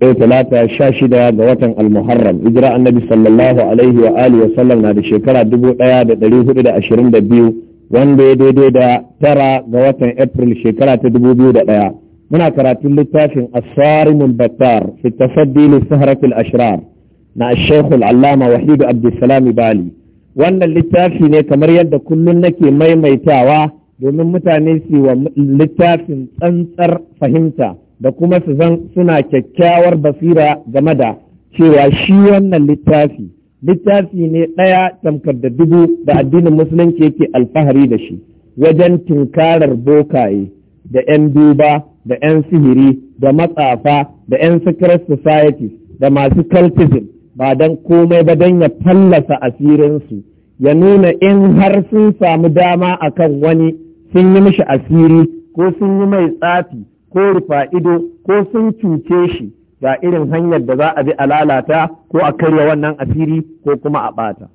yau talata sha shida ga watan almuharram hijira annabi sallallahu alaihi wa alihi na da shekara dubu ɗaya da ɗari da ashirin da biyu wanda ya daidai da tara ga watan april shekara ta dubu biyu da ɗaya muna karatun littafin asarimul battar fi tasaddi li sahratil ashrar na shaykh al-allama wahidu abdussalam bali wannan littafi ne kamar yadda kullum nake maimaitawa domin mutane su wa littafin tsantsar fahimta da kuma su zan suna kyakkyawar basira game da cewa shi wannan littafi littafi ne ɗaya tamkar da dubu da addinin musulunci yake alfahari da shi wajen tunkarar bokaye da 'yan duba da 'yan sihiri da matsafa da 'yan secret society da masu cultism ba don komai ba don ya fallasa asirinsu ya nuna in har sun samu dama a kan wani sun yi mishi asiri ko sun yi mai tsafi ko rufa ido ko sun cuce shi ga irin hanyar da za a bi a lalata ko a karya wannan asiri ko kuma a ɓata.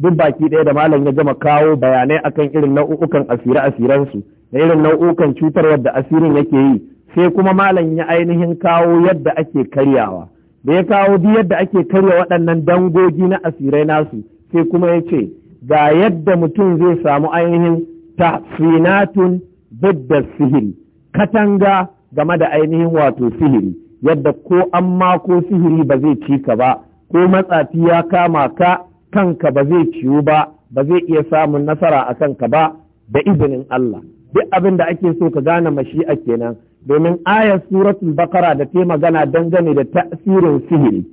duk baki ɗaya da malam ya gama kawo bayanai akan irin nau'ukan asire asiransu da irin nau'ukan cutar da asirin yake yi sai kuma malam ya ainihin kawo yadda ake karyawa da ya kawo duk yadda ake karya waɗannan dangogi na asirai nasu sai kuma ya ce ga yadda mutum zai samu ainihin tahsinatun bidda sihiri katanga game da ainihin wato sihiri yadda ko an ko sihiri ba zai ci ka ba ko matsafi ya kama ka kanka ba zai ciwu ba ba zai iya samun nasara a kanka ba da izinin Allah duk abin da ake so ka gane mashi'a kenan domin ayar suratul bakara da ta magana dangane da tasirin sihiri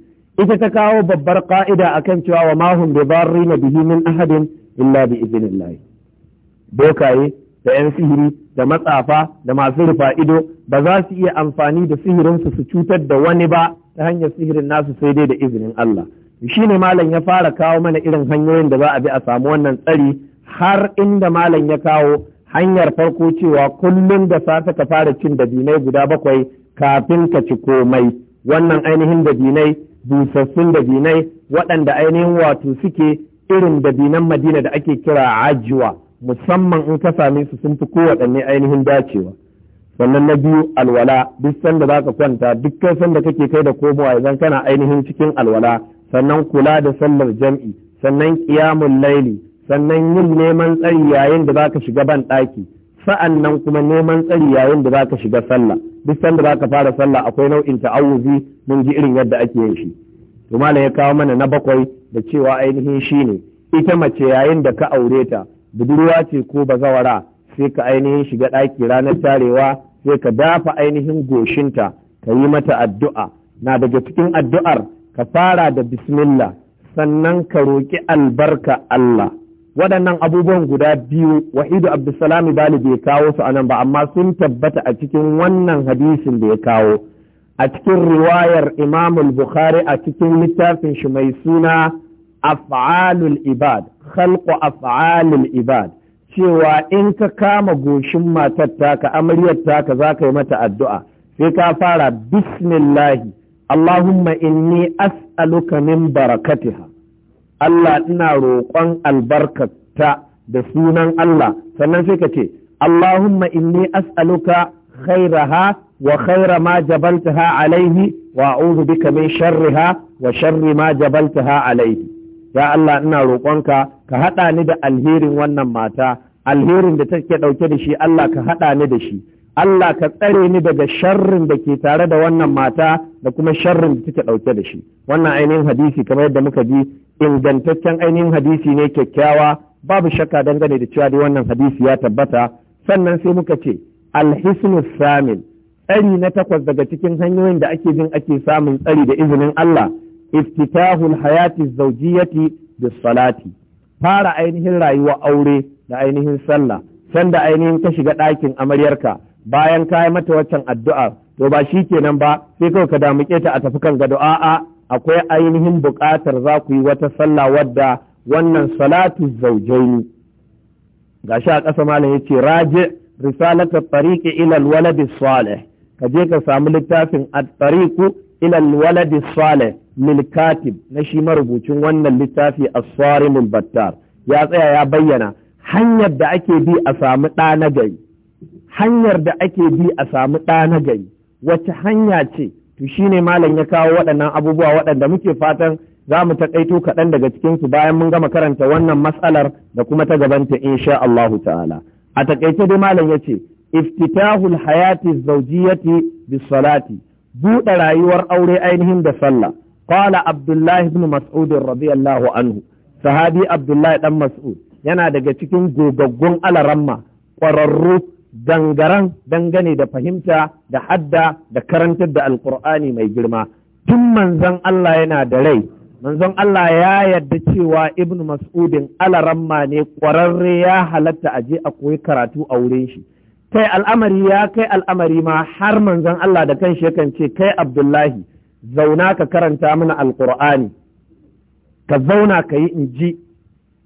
ita ta kawo babbar ka'ida akan cewa wa mahum bi na bihi min ahadin illa bi idnillah bokaye da 'yan sihiri da matsafa da masu rufa ido ba za su iya amfani da sihirinsu su cutar da wani ba ta hanyar sihirin nasu sai dai da izinin Allah shi ne malam ya fara kawo mana irin hanyoyin da za a bi a samu wannan tsari har inda malam ya kawo hanyar farko cewa kullum da safe ka fara cin dabinai guda bakwai kafin ka ci komai wannan ainihin dabinai busassun dabinai waɗanda ainihin wato suke irin dabinan madina da ake kira ajiwa musamman in ka same su sun fi kowaɗanne ainihin dacewa sannan na biyu alwala duk sanda za ka kwanta duk sanda kake kai da komowa idan kana ainihin cikin alwala sannan kula da sallar jam'i sannan ƙiyamun laili sannan yin neman tsari yayin da za ka shiga ban ɗaki sa'an nan kuma neman tsari yayin da za ka shiga sallah duk sanda za ka fara sallah akwai nau'in ta'awuzi mun ji irin yadda ake yin shi to malam ya kawo mana na bakwai da cewa ainihin shine ita mace yayin da ka aure ta budurwa ce ko bazawara sai ka ainihin shiga ɗaki ranar tarewa sai ka dafa ainihin goshinta ka yi mata addu'a na daga cikin addu'ar ka fara da bismillah sannan ka roƙi albarka Allah waɗannan abubuwan guda biyu wahidu abdulsalami bali bai kawo su anan ba amma sun tabbata a cikin wannan hadisin da ya kawo a cikin riwayar imamul bukhari a cikin littafin shi mai suna af'alul ibad khalqu af'alil ibad cewa in ka kama goshin matar taka amaryar taka zaka yi mata addu'a sai ka fara bismillahi Allahumma inni as'aluka min barakatiha Allah ina roƙon albarkata da sunan Allah sannan sai ka ce Allahumma inni as'aluka khairaha wa khaira ma jabaltaha alaihi wa a'udhu bika min sharriha wa sharri ma jabaltaha alaihi ya Allah ina roƙonka ka haɗa ni da alherin wannan mata alherin da take ɗauke da shi Allah ka haɗa ni da shi Allah ka tsare ni daga sharrin da ke tare da wannan mata da kuma sharrin da take ɗauke da shi wannan ainihin hadisi kamar yadda muka ji ingantaccen ainihin hadisi ne kyakkyawa babu shakka dangane da cewa dai wannan hadisi ya tabbata sannan sai muka ce alhisnu samin tsari na takwas daga cikin hanyoyin da ake jin ake samun tsari da izinin Allah iftitahul hayati zawjiyati da salati fara ainihin rayuwar aure da ainihin sallah sanda ainihin ka shiga ɗakin amaryarka bayan ka yi mata waccan addu'a to ba shi kenan ba sai kawai ka damuke ta a tafi kan gado a'a akwai ainihin buƙatar za ku yi wata sallah wadda wannan salatu zaujaini gashi a ƙasa malam yace raje risalata tariqi ilal alwalad salih ka je ka sami littafin at ila alwalad salih lil na shi marubucin wannan littafi as-sarim battar ya tsaya ya bayyana hanyar da ake bi a samu ɗa na gari hanyar da ake bi a samu ɗa wacce hanya ce to shine malam ya kawo waɗannan abubuwa waɗanda muke fatan za mu taƙaito kaɗan daga cikinsu bayan mun gama karanta wannan matsalar da kuma ta gabanta insha Allahu ta'ala a taƙaice dai malam ya ce iftitahul hayati zaujiyati Bissalati. buɗe rayuwar aure ainihin da sallah qala abdullahi ibn mas'ud radiyallahu anhu sahabi abdullahi dan mas'ud yana daga cikin gogaggun alaramma ƙwararru gangaran dangane da fahimta da hadda da karantar da alkur'ani mai girma tun manzon Allah yana da rai manzon Allah ya yarda cewa ibn mas'udin alaramma ne ƙwararre ya halatta a je a koyi karatu a wurin shi kai al'amari ya kai al'amari ma har manzon Allah da kanshi yakan ce kai Abdullahi zauna ka karanta mana alƙur'ani ka zauna ka yi inji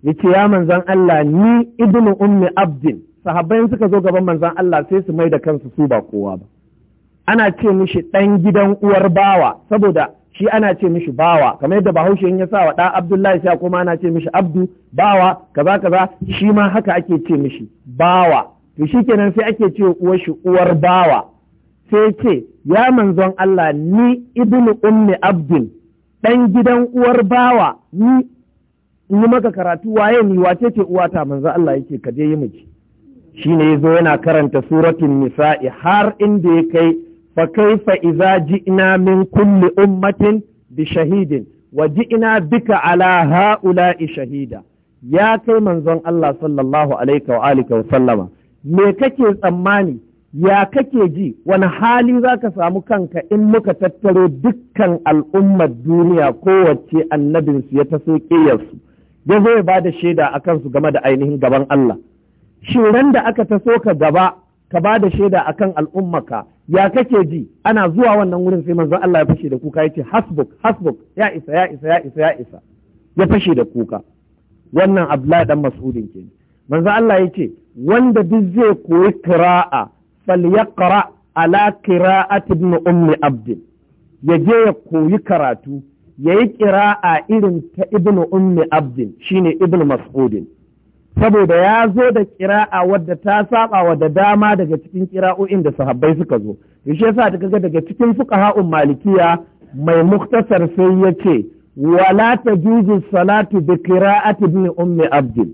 yace ya manzon Allah ni ibnu ummi abdin sahabbai suka zo gaban manzon Allah sai su mai da kansu su ba kowa ba ana ce mishi ɗan gidan uwar bawa saboda shi ana ce mishi bawa kamar yadda bahaushe ya sa wa ɗa abdullahi sha kuma ana ce mishi abdu bawa kaza kaza shi ma haka ake ce mishi bawa to kenan sai ake ce uwar shi uwar bawa sai ce ya manzon Allah ni ibnu ummi abdin ɗan gidan uwar bawa ni in yi maka karatu waye ni wace ce uwata manzo Allah yake ka je yi shi shine zo yana karanta suratul nisa'i har inda ya kai fa kaifa idza ji'na min kulli ummatin bi shahidin wa ji'na bika ala ha'ula'i shahida ya kai manzon Allah sallallahu alaihi wa sallama me kake tsammani ya kake ji wani hali za ka samu kanka in muka tattaro dukkan al'ummar duniya kowace annabinsu ya taso ƙiyarsu ya zo ya ba da shaida a kansu game da ainihin gaban Allah. Shiran da aka taso ka gaba ka ba da shaida a kan al'ummaka ya kake ji ana zuwa wannan wurin sai manzon Allah ya fashe da kuka ya ce hasbuk hasbuk ya isa ya isa ya isa ya isa ya fashe da kuka wannan Abdullahi dan Mas'udin kenan. manzo Allah ya ce wanda duk zai koyi kira'a, ya falyaqra ala qira'ati ibn ummi abd ya je ya koyi karatu ya yayi kira'a irin ta ibn ummi abd shine ibn mas'ud saboda ya zo da kira'a wadda ta saba wa da dama daga cikin kira'o'in da sahabbai suka zo shi yasa ta daga cikin fuqaha'un malikiya mai muktasar sai yace wala tajuzu salatu bi qira'ati ibn ummi abd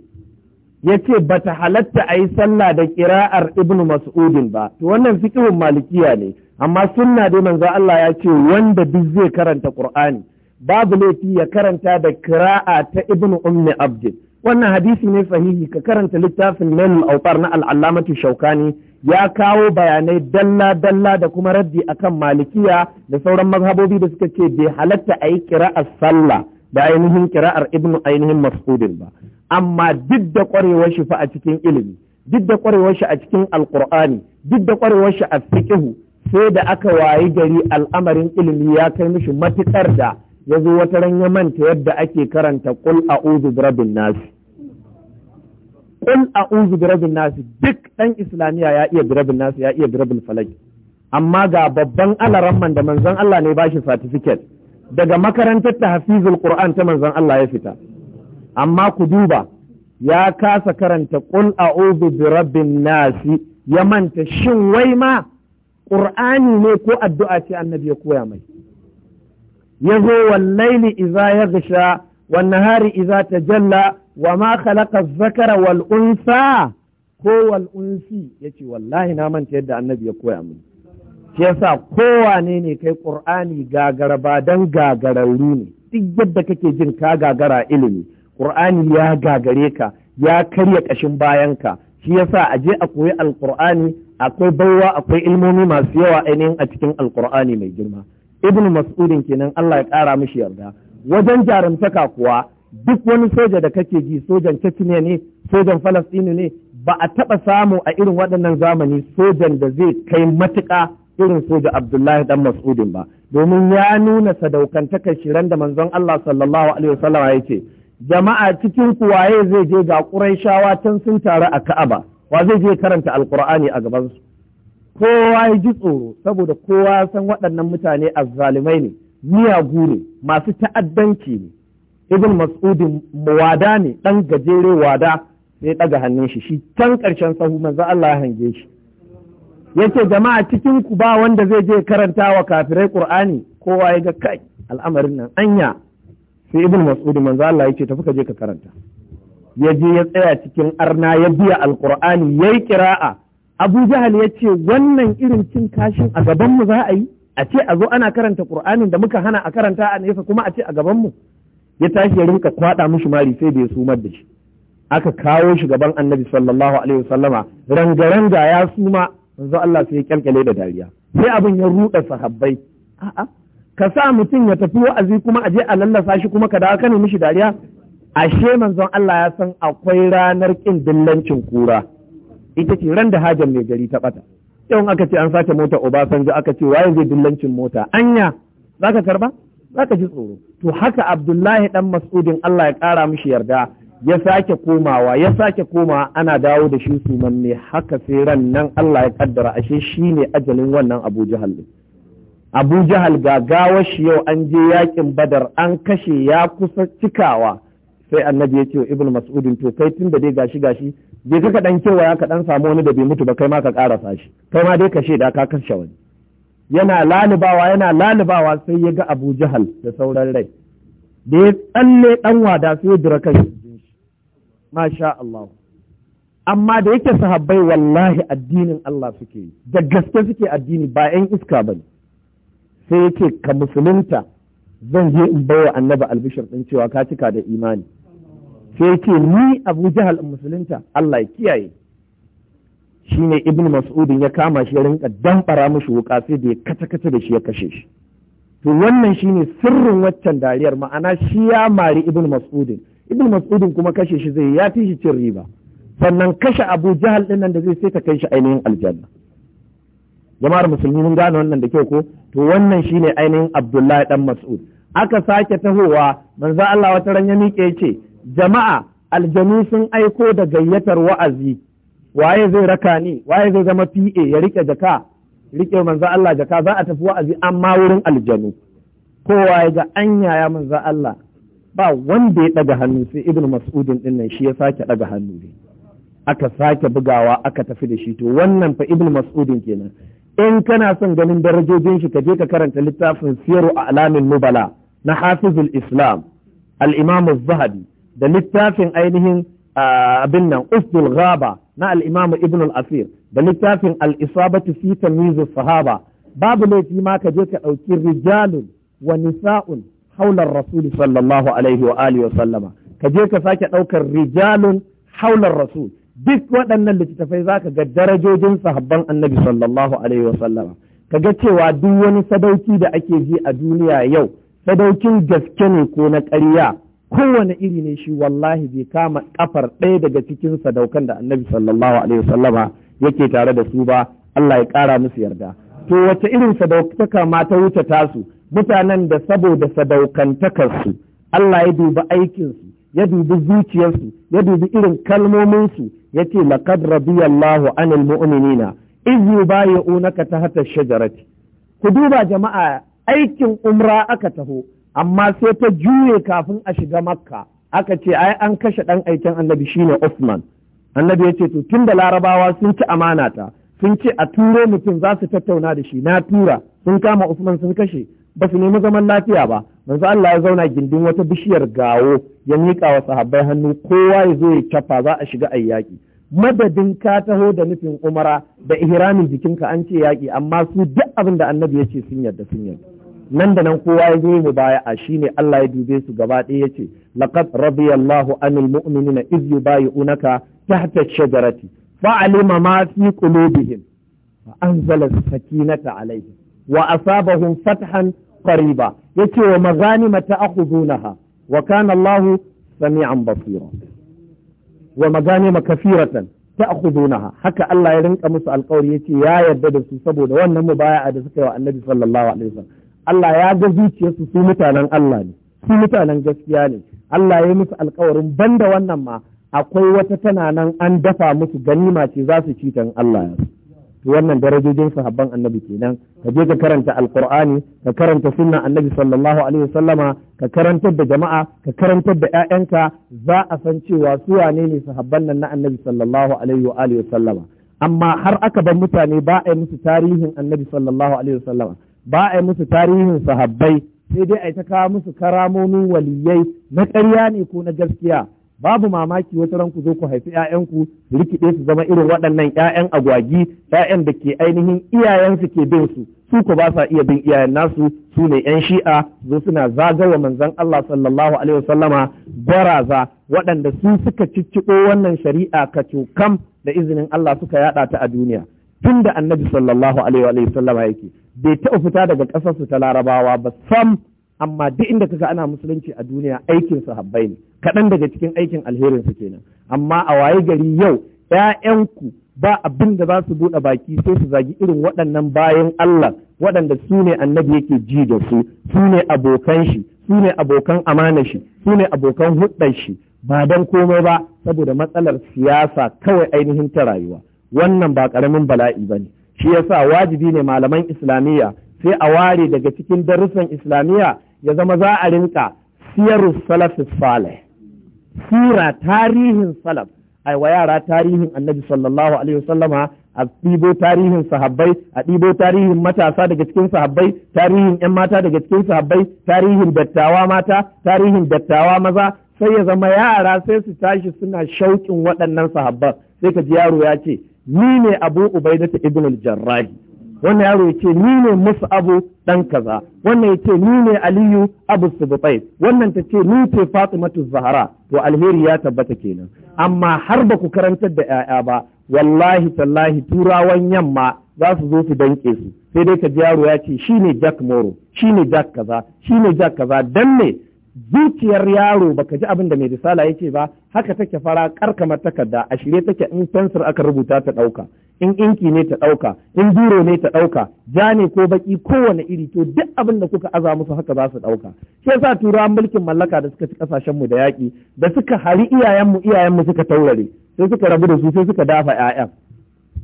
ya ce ba ta halatta a yi sallah da kira'ar ibn mas'udin ba to wannan fiqhun malikiya ne amma sunna dai manzo Allah ya ce wanda duk zai karanta qur'ani babu laifi ya karanta da kira'a ta ibn ummi abd wannan hadisi ne sahihi ka karanta littafin nail awtar na al shauka shaukani ya kawo bayanai dalla dalla da kuma raddi akan malikiya da sauran mazhabobi da suka ce bai halatta a yi kira'ar sallah da ainihin kira'ar ibnu ainihin mas'udin ba amma duk da ƙwarewar shi fa a cikin ilimi duk da ƙwarewar shi a cikin alqur'ani duk da ƙwarewar shi a fiqhu sai da aka wayi gari al'amarin ilimi ya kai mishi matukar da ya zo wata ran ya manta yadda ake karanta qul a'udhu birabbin nas qul a'udhu birabbin nas duk dan islamiya ya iya birabbin nas ya iya birabbin falak amma ga babban alaramman da manzon Allah ne ba shi certificate daga makarantar ta hafizul qur'an ta manzon Allah ya fita amma ku duba ya kasa karanta qul a'udhu bi rabbin nasi ya manta shin wai ma qur'ani ne ko addu'a ce annabi ya koya mai yazo wallaili idza yaghsha wan nahari idza tajalla wa ma khalaqa adh wal unsa ko wal unsi yace wallahi na manta yadda annabi ya koya mai. shi yasa kowane ne kai ƙur'ani gagara ba don gagararru ne duk yadda kake jin ka gagara ilimi ƙur'ani ya gagare ka ya karya ƙashin bayanka shi yasa a je a koyi alƙur'ani akwai baiwa akwai ilmomi masu yawa ainihin a cikin alƙur'ani mai girma ibnu mas'udin kenan Allah ya ƙara mishi yarda wajen jarumtaka kuwa duk wani soja da kake ji sojan Chechnya ne sojan Falastinu ne ba a taɓa samu a irin waɗannan zamani sojan da zai kai matuƙa irin su da Abdullahi dan Mas'udin ba domin ya nuna sadaukantaka shiran da manzon Allah sallallahu alaihi wasallam ya ce jama'a cikin ku waye zai je ga Qurayshawa tun sun taru a Ka'aba wa zai je karanta Alqur'ani a gaban su kowa ya ji tsoro saboda kowa san waɗannan mutane azzalumai ne miyagu ne masu ta'addanci ne ibn mas'udin wada ne ɗan gajere wada sai ɗaga hannun shi shi can ƙarshen sahu manzo Allah ya hange shi yace jama'a cikin ku ba wanda zai je karanta wa kafirai qur'ani kowa ya ga kai al'amarin nan anya sai ibn mas'ud manzo Allah yace tafi ka je ka karanta ya je ya tsaya cikin arna ya biya alqur'ani yayi qira'a Abu Jahal yace wannan irin cin kashin a gabanmu za a yi a ce a zo ana karanta Qur'anin da muka hana a karanta a nesa kuma a ce a gabanmu ya tashi ya rinka kwada mushi mari sai bai sumar da shi aka kawo shi gaban Annabi sallallahu alaihi wasallama rangaranga ya suma manzo Allah sai ya kyalkyale da dariya sai abin ya ruɗa sahabbai a'a ka sa mutum ya tafi wa'azi kuma a je a lallasa shi kuma ka dawo kana mishi dariya ashe manzon Allah ya san akwai ranar kin dillancin kura ita ce ran da hajar mai gari ta bata Yawan aka ce an sace mota Obasanjo aka ce waye zai dillancin mota anya zaka karba zaka ji tsoro to haka Abdullahi dan Mas'udin Allah ya kara mishi yarda ya sake komawa ya sake komawa ana dawo da shi sumamme haka sai ran nan Allah ya kaddara ashe shi ne ajalin wannan Abu Jahal Abu Jahal gawar shi yau an je yakin Badar an kashe ya kusa cikawa sai annabi ya ce wa Ibn Mas'udin to kai tun da dai gashi gashi je ka dan kewaya ka dan samu wani da bai mutu ba kai ma ka karasa shi kai ma dai ka da ka kashe wani yana lalubawa yana lalubawa sai ya ga Abu Jahal da sauran rai da ya tsalle ɗan wada sai ya dura kai masha Allah amma da yake sahabbai wallahi addinin Allah suke yi da gaske suke addini ba yan iska ba ne sai yake ka musulunta zan je in bawa annabi albishir ɗin cewa ka cika da imani sai yake ni Abu jihar in musulunta Allah ya kiyaye ne Ibn Mas'udin ya kama shi ya rinka damfara mushi wuka sai da ya kata kata da shi ya kashe shi to wannan shi ne sirrin waccan dariyar ma'ana shi ya mari Ibn Mas'udin ibn mas'udin kuma kashe shi zai ya fi cin riba sannan kashe abu jahal din nan da zai sai ta kai shi ainihin aljanna jama'ar musulmi mun gane wannan da kyau ko to wannan shine ainihin abdullahi dan mas'ud aka sake tahowa manzo Allah wata ran ya miƙe ce jama'a aljanu sun aiko da gayyatar wa'azi waye zai raka ni waye zai zama PA ya rike jaka rike manzo Allah jaka za a tafi wa'azi amma wurin aljanu kowa ya ga anya ya manzo Allah ba wanda ya ɗaga hannu sai ibn mas'udin din nan shi ya sake ɗaga hannu ne aka sake bugawa aka tafi da shi to wannan fa ibn mas'udin kenan in kana son ganin darajojin shi ka je ka karanta littafin siyaru a alamin nubala na hafizul islam al-imam zahabi da littafin ainihin abin nan usdul ghaba na al-imam ibn al-asir da littafin al-isabatu fi tamyiz sahaba babu laifi ma ka je ka dauki rijalun wa nisa'un haular rasul sallallahu alaihi wa alihi wa sallama ka je ka sake ɗaukar rijalun haular rasul duk waɗannan littattafai zaka ga darajojin sahabban annabi sallallahu alaihi wa sallama ka ga cewa duk wani sadauki da ake ji a duniya yau sadaukin gaske ne ko na ƙarya kowane iri ne shi wallahi bai kama kafar ɗaya daga cikin sadaukan da annabi sallallahu alaihi wa sallama yake tare da su ba Allah ya kara musu yarda to wace irin sadaukaka ma ta wuce tasu mutanen da saboda sadaukantakarsu Allah ya dubi aikinsu ya dubi zuciyarsu ya dubi irin kalmominsu ya ce laqad radiyallahu anil mu'minina iz yubayi'unaka tahta shajarati ku duba jama'a aikin umra aka taho amma sai ta juye kafin a shiga makka aka ce ai an kashe ɗan aikin annabi shine Uthman annabi yace to tunda larabawa sun ci amana ta sun ce a turo mutum za su tattauna da shi na tura sun kama Uthman sun kashe ba su nemi zaman lafiya ba manzo Allah ya zauna gindin wata bishiyar gawo ya miƙa wa sahabbai hannu kowa ya zo ya cafa za a shiga ayyaki madadin ka taho da nufin umara da ihramin jikinka an ce yaƙi amma su duk abin da annabi ya ce sun yarda sun yarda nan da nan kowa ya zo mu baya a shine Allah ya dube su gaba ɗaya ya ce laqad radiyallahu anil mu'minina bayi unaka tahta ash-shajarati fa'alima ma fi qulubihim fa anzala sakinata alayhim wa asabahum fathan qariba yace wa maghanima ta'khudunaha wa kana Allahu sami'an basira wa maghanima kafiratan ta'khudunaha haka Allah ya rinka musu alƙawari yace ya yarda da su saboda wannan mubaya'a da suka yi wa Annabi sallallahu alaihi wasallam Allah ya ga zuciyarsu su mutanen Allah ne su mutanen gaskiya ne Allah ya yi musu alƙawarin banda wannan ma akwai wata tana nan an dafa musu ganima ce za su ci tan Allah ya wannan darajojin sahabban annabi kenan ka je ka karanta alqur'ani ka karanta sunna annabi sallallahu alaihi wasallama ka karantar da jama'a ka karantar da ƴaƴanka za a san cewa su wane ne sahabban nan na annabi sallallahu alaihi wa alihi wasallama amma har aka bar mutane ba a yi musu tarihin annabi sallallahu alaihi wasallama ba a yi musu tarihin sahabbai sai dai a ta kawo musu karamomin waliyai na ƙarya ne ko na gaskiya babu mamaki wata ranku zo ku haifi ƴaƴanku su rikide su zama irin waɗannan ƴaƴan agwagi ƴaƴan da ke ainihin iyayensu ke bin su su ko ba sa iya bin iyayen nasu su ne ƴan shi'a zo suna zagawa manzon Allah sallallahu alaihi wasallama baraza waɗanda su suka cicciɓo wannan shari'a ka kacokam da izinin Allah suka yaɗa ta a duniya tunda annabi sallallahu alaihi wasallama yake bai taɓa fita daga ƙasarsu ta larabawa ba sam amma duk inda kaga ana musulunci a duniya aikin Habbai ne kaɗan daga cikin aikin alherin su kenan amma a waye gari yau ƴaƴanku ba abin da za su buɗe baki sai su zagi irin waɗannan bayan Allah waɗanda su ne annabi yake ji da su su ne abokan shi su ne abokan amanar shi su ne abokan hudar shi ba don komai ba saboda matsalar siyasa kawai ainihin ta rayuwa wannan ba ƙaramin bala'i bane shi yasa wajibi ne malaman islamiyya sai a ware daga cikin darussan islamiyya ya zama za a rinka siyarus salafis salih sira tarihin salaf ai wa yara tarihin annabi sallallahu alaihi wasallama a ɗibo tarihin sahabbai a ɗibo tarihin matasa daga cikin sahabbai tarihin 'yan mata daga cikin sahabbai tarihin dattawa mata tarihin dattawa maza sai ya zama yara sai su tashi suna shauƙin waɗannan sahabban sai ka ji yaro ya ce ni ne abu ubaidata ibn al-jarrahi wannan yaro ya ce ni ne musu abu ɗan kaza wannan ya ce ni ne aliyu abu subutai wannan ta ce ni ce fatimatu zahara to alheri ya tabbata kenan amma har ba ku karantar da 'ya'ya ba wallahi tallahi turawan yamma za su zo su danƙe su sai dai ka ji yaro ya ce shine jack moro shine jack kaza shi ne jack kaza dan me zuciyar yaro baka ji abin da mai risala yake ba haka take fara karkamar takarda a shirye take in fensir aka rubuta ta ɗauka in inki ne ta ɗauka in biro ne ta ɗauka ja ne ko baki kowane iri to duk abin da kuka aza musu haka za su ɗauka shi yasa turawan mulkin mallaka da suka ci kasashen mu da yaƙi da suka hari iyayenmu mu suka taurare sai suka rabu da su sai suka dafa ƴaƴan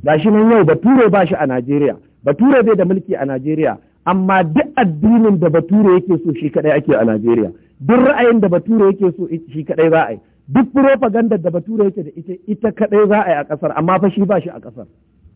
gashi nan yau bature ba shi a Najeriya bature bai da mulki a Najeriya amma duk addinin da bature yake so shi kaɗai ake a Najeriya duk ra'ayin da bature yake so shi kadai za a yi duk propaganda da bature yake da ita ita kadai za a yi a kasar amma fa shi ba shi a kasar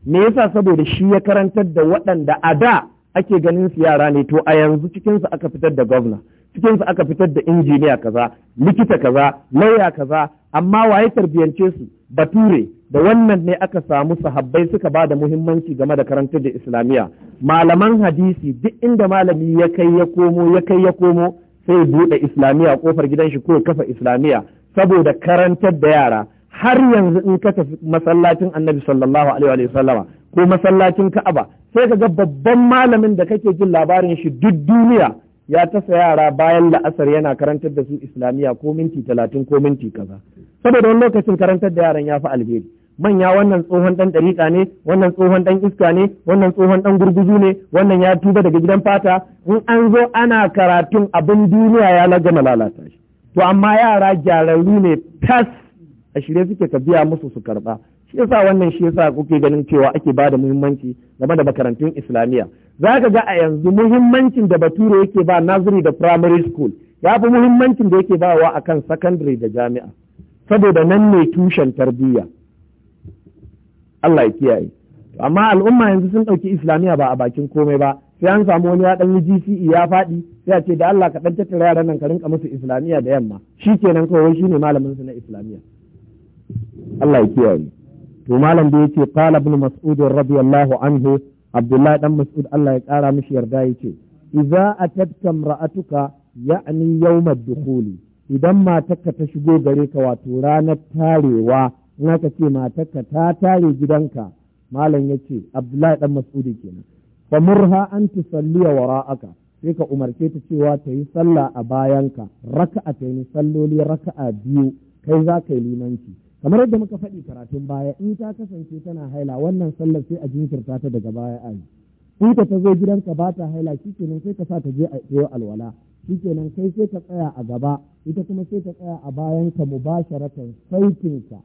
me yasa saboda shi ya karantar da waɗanda a da ake ganin su yara ne to a yanzu cikin su aka fitar da gwamna cikin su aka fitar da injiniya kaza likita kaza lauya kaza amma waye tarbiyance su bature da wannan ne aka samu sahabbai suka ba da muhimmanci game da karantar da islamiyya malaman hadisi duk inda malami ya kai ya komo ya kai ya komo sai buɗe islamiyya kofar gidan shi ko kafa islamiyya saboda karantar da yara har yanzu in ka tafi masallacin annabi sallallahu alaihi wa ko masallacin ka'aba sai ka ga babban malamin da kake jin labarin shi duk duniya ya tasa yara bayan la'asar yana karantar da su islamiyya ko minti talatin ko minti kaza saboda wani lokacin karantar da yaran ya fi alheri manya wannan tsohon ɗan dariƙa ne wannan tsohon ɗan iska ne wannan tsohon ɗan gurguzu ne wannan ya tuba daga gidan fata in an zo ana karatun abin duniya ya lagama lalata shi to amma yara gyararru ne tas a shirye suke ka biya musu su karba shi yasa wannan shi yasa kuke ganin cewa ake ba da muhimmanci game da makarantun islamiyya za ka ga a yanzu muhimmancin da bature yake ba nazari da primary school ya fi muhimmancin da yake bawa akan secondary da jami'a saboda nan ne tushen tarbiyya Allah ya kiyaye amma al'umma yanzu sun ɗauki islamiyya ba a bakin komai ba sai an samu wani ya ɗan yi GCE ya faɗi sai a ce da Allah ka ɗan tattara yaran nan ka rinka musu islamiyya da yamma shi kenan kawai shi ne malamin su na islamiyya Allah ya kiyaye to malam da yace qala ibn mas'ud radiyallahu anhu abdullahi dan mas'ud Allah ya ƙara mishi yarda yace idza atatka ra'atuka ya'ni yawm ad-dukhuli idan matarka ta shigo gare ka wato ranar tarewa in aka ce matarka ta tare gidanka malam ya ce abdullahi dan mas'udi kenan fa murha an tusalliya wara'aka sai ka umarce ta cewa ta yi sallah a bayanka raka'a ta yi salloli raka'a biyu kai za ka yi limanci kamar yadda muka faɗi karatun baya in ta kasance tana haila wannan sallar sai a jinkirta ta daga baya a yi in ta zo gidanka ba ta haila shikenan sai ka sa ta je a yi alwala shikenan kai sai ka tsaya a gaba ita kuma sai ta tsaya a bayanka mubasharatan saitinka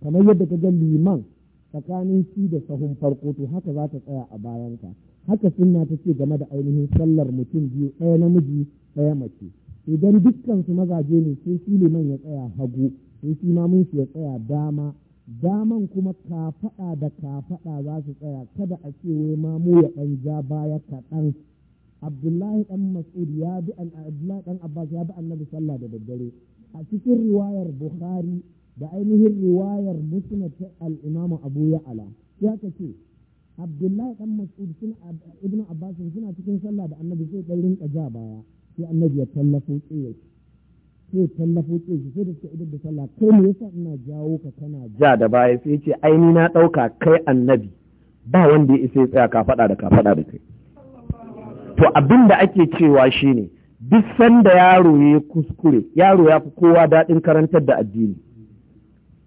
kamar yadda ka gan liman tsakanin shi da sahun farko to haka za ta tsaya a bayanka haka sunna ta ce game da ainihin sallar mutum biyu ɗaya namiji ɗaya mace idan dukkansu mazaje ne sai shi liman ya tsaya hagu sai shi mamun shi ya tsaya dama daman kuma kafaɗa da kafaɗa za su tsaya kada a ce wai mamu ya ɗan ja baya kaɗan abdullahi ɗan mas'ud ya bi abdullahi ɗan abbas ya bi annabi sallah da daddare a cikin riwayar bukhari da ainihin riwayar musnad alimama imam abu ala ya ka ce abdullahi dan mas'ud suna ibnu abbas suna cikin sallah da annabi sai dan rinka ja baya sai annabi ya tallafo tsaye sai tallafo tsaye sai da suka da sallah kai me yasa ina jawo ka kana ja da baya sai ce ai ni na dauka kai annabi ba wanda ya isa ya tsaya ka da ka da kai to abinda ake cewa shine duk sanda yaro ya kuskure yaro ya fi kowa daɗin karantar da addini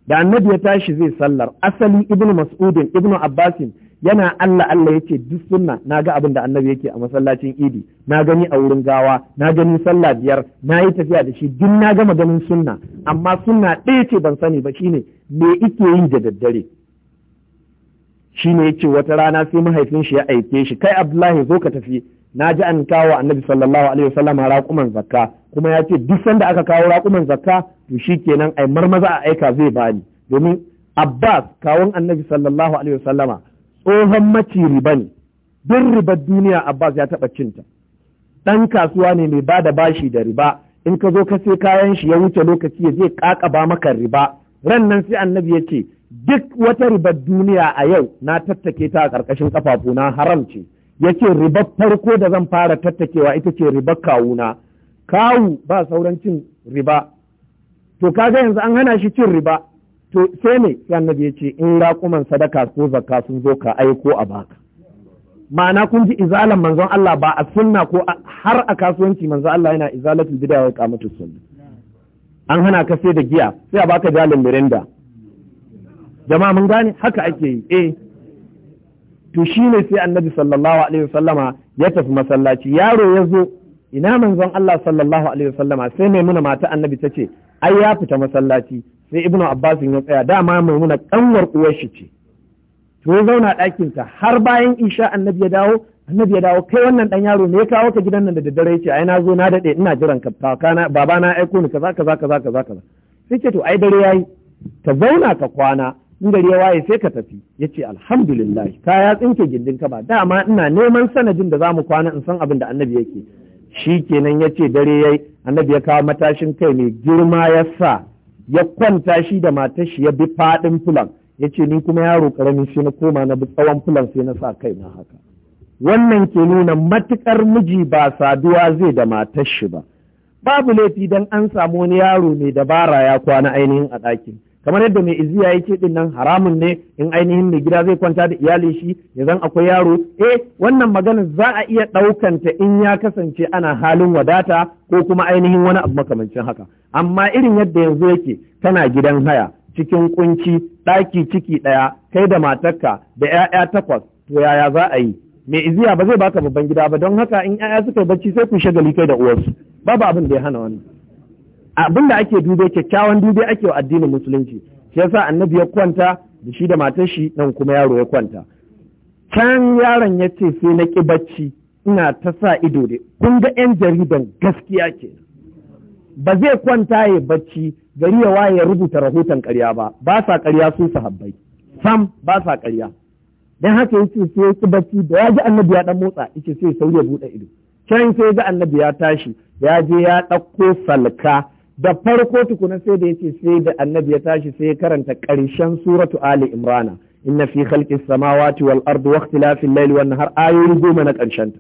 da annabi ya tashi zai sallar asali ibn mas'udin ibn abbasin yana Allah Allah yake duk sunna Na ga abin da annabi yake a masallacin idi na gani a wurin gawa na gani sallah biyar na yi tafiya da shi duk na gama ganin sunna amma sunna ɗaya ce ban sani ba shine me ike yin da daddare shine yace wata rana sai mahaifin shi ya aike shi kai Abdullahi zo ka tafi na ji an kawo annabi sallallahu alaihi wasallam raƙuman zakka kuma ya ce duk sanda aka kawo raƙuman zakka to shi kenan ai marmaza a aika zai bani domin Abbas kawun annabi sallallahu alaihi wasallama tsohon maci riba ne duk ribar duniya Abbas ya taɓa cinta ɗan kasuwa ne mai ba da bashi da riba in ka zo ka sai kayan shi ya wuce lokaci ya zai ƙaƙaba maka riba ran nan sai annabi ya ce duk wata ribar duniya a yau na tattake ta a ƙarƙashin ƙafafuna haram ce ya ribar farko da zan fara tattakewa ita ce ribar kawuna kawu ba sauran cin riba to kaga yanzu an hana shi cin riba to sai ne sai annabi ya ce in raƙuman sadaka ko zakka sun zo ka aiko a baka ma'ana kun ji izalan manzon Allah ba a sunna ko har a kasuwanci manzon Allah yana izalatul bid'a wa iqamatus sunna an hana ka sai da giya sai a baka jalin mirinda jama'a mun gane haka ake yi eh to shine sai annabi sallallahu alaihi wasallama ya tafi masallaci yaro ya zo ina manzon Allah sallallahu alaihi wasallama sai maimuna mata annabi ta ce ai ya fita masallaci sai ibnu abbas ya tsaya dama maimuna kanwar uwar shi ce to ya zauna ɗakin ta har bayan isha annabi ya dawo annabi ya dawo kai wannan dan yaro ne ya kawo ka gidan nan da daddare yace ai na zo na dade ina jiran ka kana baba na aiko ni kaza kaza kaza kaza kaza sai ce to ai dare yayi ta zauna ka kwana in gari ya waye sai ka tafi ya ce alhamdulillah ka ya tsinke gindin ka ba dama ina neman sanadin da za mu kwana in san abin da annabi yake shi kenan ya ce dare ya yi annabi ya kawo matashin kai mai girma ya sa ya kwanta shi da matar ya bi faɗin fulan ya ce ni kuma yaro ƙaramin sai na koma na bi tsawon fulan sai na sa kai na haka wannan ke nuna matuƙar miji ba saduwa zai da matar shi ba babu laifi don an samu wani yaro mai dabara ya kwana ainihin a ɗakin kamar yadda mai iziya yake ce nan haramun ne in ainihin mai gida zai kwanta da iyali shi ya zan akwai yaro eh wannan magana za a iya ɗaukanta in ya kasance ana halin wadata ko kuma ainihin wani abu makamancin haka amma irin yadda yanzu yake kana gidan haya cikin kunci ɗaki ciki ɗaya kai da matarka da 'ya'ya takwas to yaya za a yi mai iziya ba zai baka babban gida ba don haka in 'ya'ya suka yi bacci sai ku shagali kai da uwarsu babu abin da ya hana wannan abin da ake dube kyakkyawan dube ake wa addinin musulunci shi yasa annabi ya kwanta da shi da matar shi nan kuma yaro ya kwanta can yaron ya ce sai na ƙi bacci ina ta sa ido dai kun ga 'yan jaridan gaskiya ke ba zai kwanta ya bacci gari ya waye rubuta rahoton karya ba ba sa karya su sahabbai sam ba sa karya dan haka yace sai ya bacci da ya ji annabi ya dan motsa yace sai sauri ya bude ido can sai ga annabi ya tashi ya je ya ɗauko salka da farko tukuna sai da yace sai da annabi ya tashi sai ya karanta ƙarshen suratu ali imrana inna fi khalqis samawati wal ardi wa ikhtilafil layli wan nahar ayoyi goma na ƙarshen ta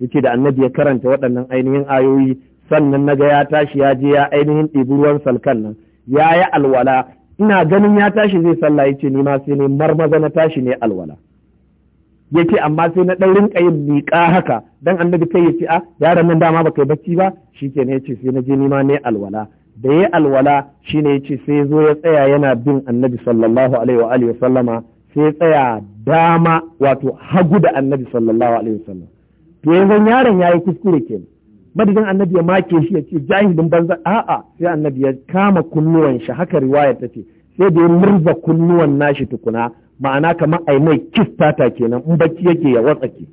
yace da annabi ya karanta waɗannan ainihin ayoyi sannan naga ya tashi ya je ya ainihin ɗibi ruwan salkan nan ya yi alwala ina ganin ya tashi zai sallah yace ni ma sai ne marmaza na tashi ne alwala ya ce amma sai na ɗaurin rinka yin miƙa haka Don annabi kai ya ce a ah, yaran nan dama baka yi bacci ba ya ce sai na je nima ne alwala da yayi alwala shine ce sai zo ya tsaya yana bin annabi sallallahu alaihi wa alihi sallama sai tsaya dama wato hagu da annabi sallallahu alaihi sallama to yanzu yaron yayi kuskure kenan madadin annabi ya make shi ya ce jahilin banza a'a sai annabi ya kama kunnuwan shi haka riwaya ta ce sai da ya murza kunnuwan nashi tukuna ma'ana kamar ai mai kistata kenan in bacci yake ya watsake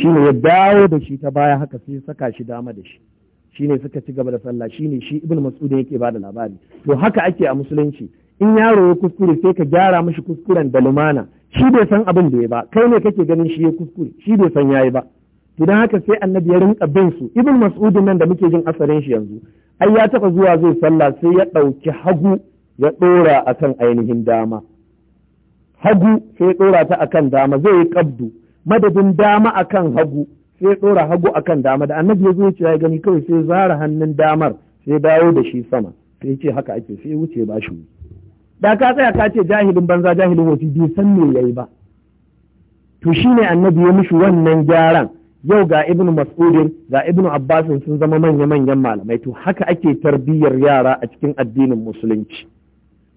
shi ne ya dawo da shi ta baya haka sai saka shi dama da shi shi ne suka ci gaba da sallah shi ne shi ibnu mas'ud yake bada labari to haka ake a musulunci in yaro ya kuskure sai ka gyara mishi kuskuren da lumana shi bai san abin da ya ba kai ne kake ganin shi ya kuskure shi bai san yayi ba Idan haka sai annabi ya rinka bin su ibnu mas'ud nan da muke jin asarin shi yanzu ai ya taba zuwa zai sallah sai ya dauki hagu ya dora akan ainihin dama hagu sai ɗora ta akan dama zai yi kabdu madadin dama akan hagu sai ɗora hagu akan dama da annabi ya zo ya gani kawai sai zara hannun damar sai dawo da shi sama sai ce haka ake sai wuce ba shi da ka tsaya ka ce jahilin banza jahilin wofi bai san me yayi ba to shine annabi ya mishi wannan gyaran yau ga ibnu mas'udin ga ibnu abbasin sun zama manya manyan malamai to haka ake tarbiyyar yara a cikin addinin musulunci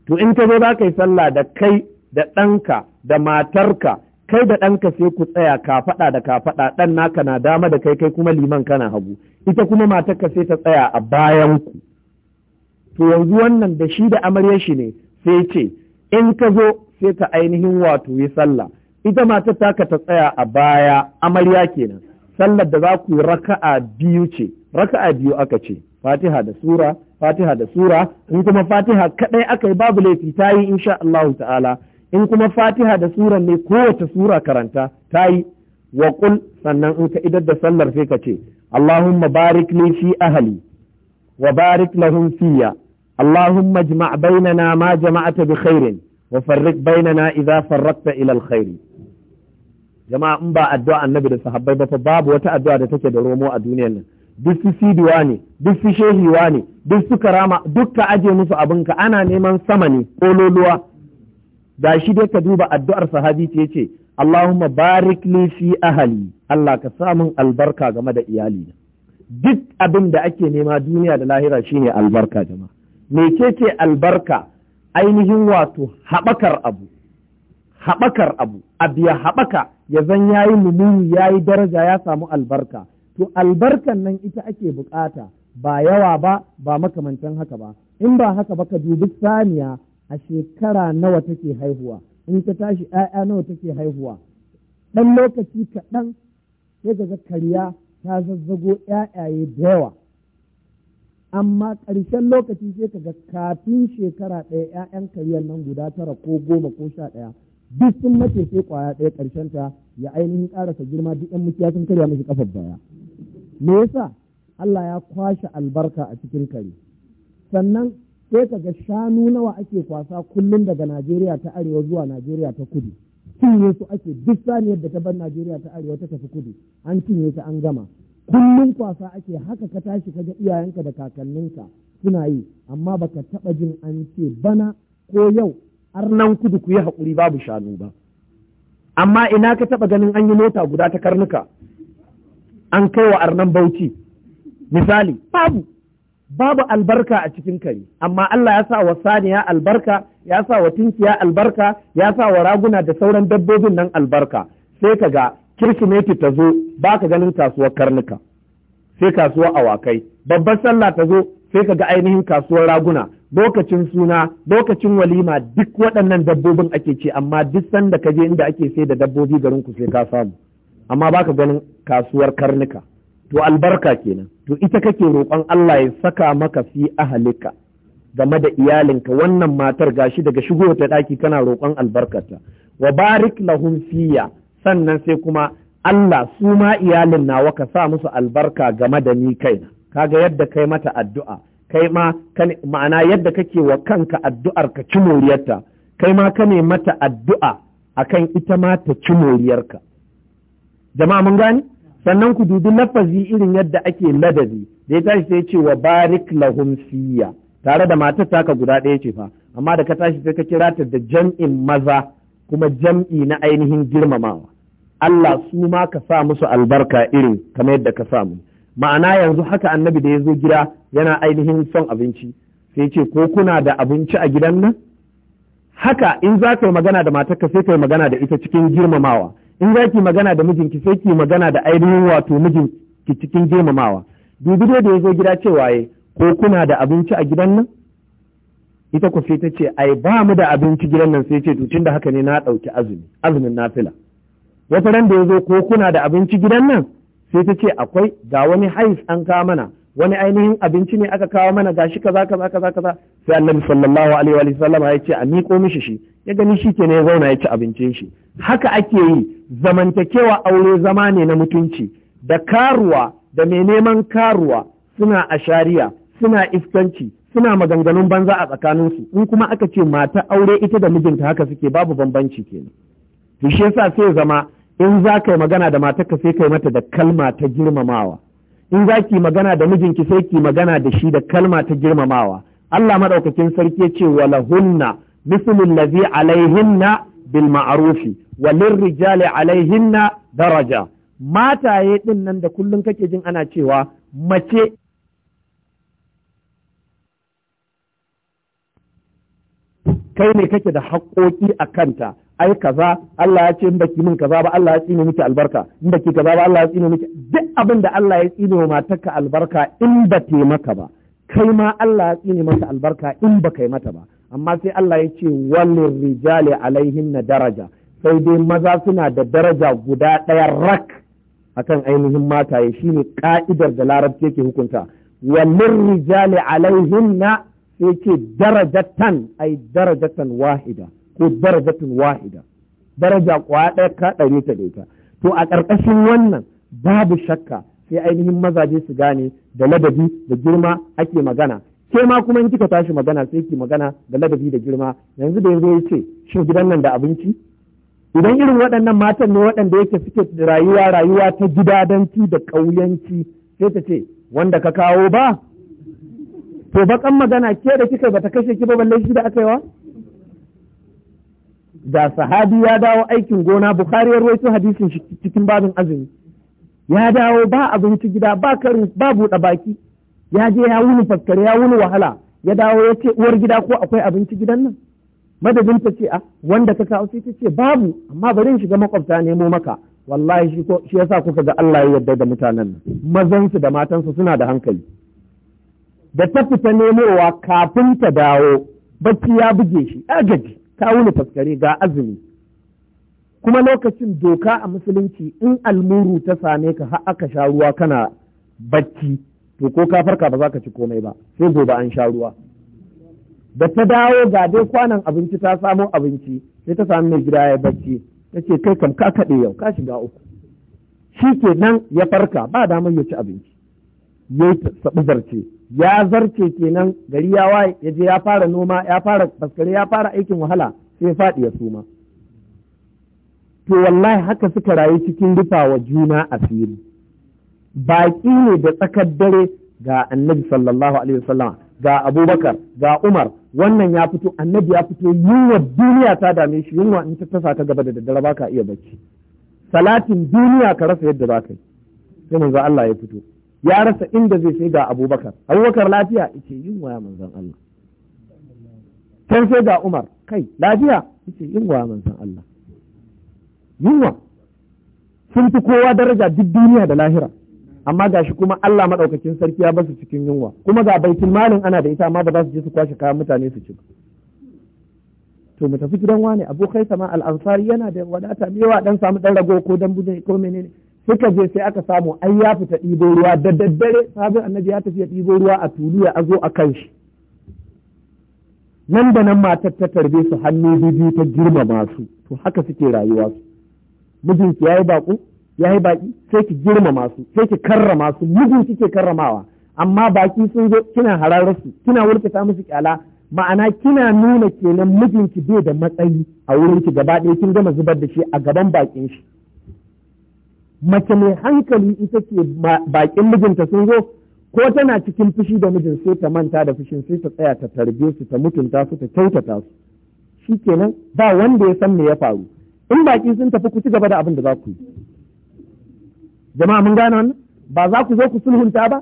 to in ka zo za ka yi sallah da kai da ɗanka da matarka kai da ɗanka sai ku tsaya kafaɗa da kafaɗa ɗan naka na dama da kai kai kuma liman kana hagu ita kuma matarka sai ta tsaya a bayan ku to yanzu wannan da shi da amaryar shi ne sai ce in ka zo sai ka ainihin wato yi sallah ita matar taka ta tsaya a baya amarya kenan sallar da za ku yi raka'a biyu ce raka'a biyu aka ce fatiha da sura fatiha da sura in kuma fatiha kaɗai aka yi babu laifi ta yi insha Allah ta'ala in kuma fatiha da sura ne kowace sura karanta ta yi wa kul sannan in ka idar da sallar sai ka ce allahumma barik li fi ahli wa barik lahum fiya allahumma jma' bainana ma jama'ata bi khairin wa farriq bainana idza farraqta ila al jama'a in ba addu'a annabi da sahabbai ba fa babu wata addu'a da take da romo a duniyar nan duk su sidiwa ne duk su shehiwa ne duk su karama duk ka aje musu abinka ana neman sama ne kololuwa shi dai ka duba addu'ar sahabi ce ce Allahumma barik li fi ahli Allah ka samun albarka game da iyali duk abin da ake nema duniya da lahira shine albarka jama'a ce albarka ainihin wato haɓakar abu haɓakar abu abu ya haɓaka ya zan yayi mumuni yayi daraja ya samu albarka to albarkan nan ita ake bukata ba yawa ba ba makamantan haka ba in ba haka ba ka dubi saniya a shekara nawa take haihuwa in ta tashi ‘ya'ya nawa take haihuwa ɗan lokaci kaɗan sai ga kariya ta zazzago ƴaƴaye da yawa amma ƙarshen lokaci sai ka ga kafin shekara ɗaya ‘ya'yan kariyar nan guda tara ko goma ko sha ɗaya duk sun mace sai ƙwaya ɗaya ƙarshen ta ya ainihin ƙarasa girma duk ɗan mukiya sun karya mashi ƙafar baya me yasa Allah ya kwashe albarka a cikin kare sannan sai ka ga shanu nawa ake kwasa kullum daga Najeriya ta arewa zuwa Najeriya ta kudu cinye su ake duk saniyar da ta bar Najeriya ta arewa ta tafi kudu an cinye ta an gama kullum kwasa ake haka ka tashi ka ga iyayenka da kakanninka suna yi amma baka taɓa jin an ce bana ko yau arnan kudu ku yi haƙuri babu shanu ba amma ina ka taɓa ganin an yi mota guda ta karnuka an kai wa arnan bauchi misali babu babu albarka a cikin kare amma Allah ya sa wa saniya albarka ya sa wa tinkiya albarka ya sa wa raguna da sauran dabbobin nan albarka sai ka ga kirsimeti ta zo ba ka ganin kasuwar karnuka sai kasuwar awakai babbar sallah ta zo sai ka ga ainihin kasuwar raguna lokacin suna lokacin walima duk waɗannan dabbobin ake ce amma duk sanda ka je inda ake sai da dabbobi garin ku sai ka samu amma baka ganin kasuwar karnuka to albarka kenan to ita kake roƙon Allah ya saka maka fi ahalika game da iyalinka wannan matar gashi daga shigo ta ɗaki kana roƙon albarkata wa barik lahum fiya sannan sai kuma Allah su ma iyalin nawa ka sa musu albarka game da ni kaina kaga yadda kai mata addu'a kai ma ma'ana yadda kake wa kanka addu'ar ka ci moriyarta kai ma ka mata addu'a akan ita ma ta ci moriyarka jama'a mun gani sannan ku dubi lafazi irin yadda ake ladabi da ya tashi sai ce wa barik lahum siya tare da matar ka guda ɗaya ce fa amma da ka tashi sai ka kira ta da jam'in maza kuma jam'i na ainihin girmamawa Allah su ma ka sa musu albarka irin kamar yadda ka samu ma'ana yanzu haka annabi da ya zo gida yana ainihin son abinci sai ce ko kuna da abinci a gidan nan haka in za ka yi magana da matarka sai ka yi magana da ita cikin girmamawa in za ki magana da mijinki sai ki magana da ainihin wato mijinki cikin girmamawa dubi dai da ya zo gida cewa ya ko kuna da abinci a gidan nan ita ku ta ce ai ba mu da abinci gidan nan sai ce to tunda haka ne na ɗauki azumi azumin nafila wata ran da ya zo ko kuna da abinci gidan nan sai ta ce akwai ga wani hais an kawo mana wani ainihin abinci ne aka kawo mana gashi kaza kaza kaza kaza sai annabi sallallahu alaihi wa sallam ya ce a miƙo mishi shi ya gani shi ke ne ya zauna ya ci abincin shi haka ake yi zamantakewa aure zama ne na mutunci da karuwa da mai neman karuwa suna a shari'a suna iskanci suna maganganun banza a tsakaninsu in kuma aka ce mata aure ita da mijinta haka suke babu bambanci kenan to shi yasa sai zama in za ka yi magana da matarka sai ka yi mata da kalma ta girmamawa in za ki magana da mijinki sai ki magana da shi da kalma ta girmamawa Allah madaukakin sarki ya ce wa lahunna mislul ladhi alaihinna bil ma'arufi wa alaihinna daraja mataye din da kullun kake jin ana cewa mace kai ne kake da haƙoƙi a kanta ai kaza Allah ya ce in baki min kaza ba Allah ya tsine miki albarka in baki kaza ba Allah ya tsine miki duk abin da Allah ya tsine wa albarka in ba maka ba kai ma Allah ya tsine mata albarka in ba mata ba amma sai Allah ya ce walin rijali alaihin na daraja sai dai maza suna da daraja guda ɗaya rak akan ainihin mataye shine ka'idar da larabci yake hukunta walin rijali alaihin na sai ce darajatan ai darajatan wahida ko darajatan wahida daraja kwaya ɗaya ka ɗari ta ita to a ƙarƙashin wannan babu shakka sai ainihin mazaje su gane da ladabi da girma ake magana ke ma kuma in kika tashi magana sai ki magana da ladabi da girma yanzu da yanzu ya ce shin gidan nan da abinci idan irin waɗannan matan ne waɗanda yake suke rayuwa rayuwa ta gidadanci da ƙauyanci sai ta ce wanda ka kawo ba to bakan magana ke da kika bata kashe ki ba balle shi da aka yi wa da sahabi ya dawo aikin gona bukhari ya rawaito hadisin cikin babin azumi ya dawo ba abinci gida ba karin ba buɗe baki ya je ya wuni faskare ya wuni wahala ya dawo ya ce uwar gida ko akwai abinci gidan nan madadin ta ce a ah, wanda ka kawo sai ta ce babu amma bari shiga makwabta nemo maka wallahi shi ko shi yasa kuka ga Allah ya yarda da mutanen nan mazan su da matan su suna da hankali da ta fita nemowa kafin ta dawo bacci ya buge shi agaji ta wuni faskare ga azumi kuma lokacin doka a musulunci in almuru ta same ka har aka sha ruwa kana bacci to ko ka farka ba za ka ci komai ba sai gobe an sha ruwa da ta dawo ga dai kwanan abinci ta samo abinci sai ta sami mai gida ya bacci ta ce kai kam ka kaɗe yau ka shiga uku shi ke nan ya farka ba damar ya ci abinci ya saɓi zarce ya zarce kenan gari ya waye ya je ya fara noma ya fara faskare ya fara aikin wahala sai faɗi ya suma to wallahi haka suka rayu cikin rufa wa juna asiri baki ne da tsakar dare ga annabi sallallahu alaihi wasallam ga abubakar ga umar wannan ya fito annabi ya fito yunwa duniya ta dame shi yunwa in ta tasa ta gaba da daddare ba ka iya bacci salatin duniya ka rasa yadda za ka yi sai manzo Allah ya fito ya rasa inda zai sai ga abubakar abubakar lafiya yace yunwa ya manzon Allah can sai ga umar kai lafiya yace yunwa ya manzon Allah yunwa sun fi kowa daraja duk duniya da lahira amma shi kuma Allah maɗaukacin sarki ya basu cikin yunwa kuma ga baitul malin ana da ita amma ba za su je su kwashe kayan mutane su ci to mu tafi gidan wani abu kaisa sama al-ansari yana da wadata me yawa dan samu dan rago ko dan budin ko menene suka je sai aka samu ai ya fita ɗibo ruwa da daddare sabin annabi ya tafi ya ɗibo ruwa a tulu ya azo a kan shi nan da nan matar ta tarbe su hannu biyu ta girmama su to haka suke rayuwa su mijinki yayi baƙo Ya yi baƙi? sai ki girmama su sai ki karrama su mugun kike karramawa amma baki sun zo kina hararar su kina ta musu kyala ma'ana kina nuna kenan mijinki bai da matsayi a wurin ki gaba ɗaya kin gama zubar da shi a gaban bakin shi mace mai hankali ita ce bakin mijinta sun zo ko tana cikin fushi da mijin sai ta manta da fushin sai ta tsaya ta tarbe su ta mutunta su ta kyautata su shi kenan ba wanda ya san me ya faru in baƙi sun tafi ku ci gaba da abin da za ku yi jama'a mun gane wannan ba za ku zo ku sulhunta ba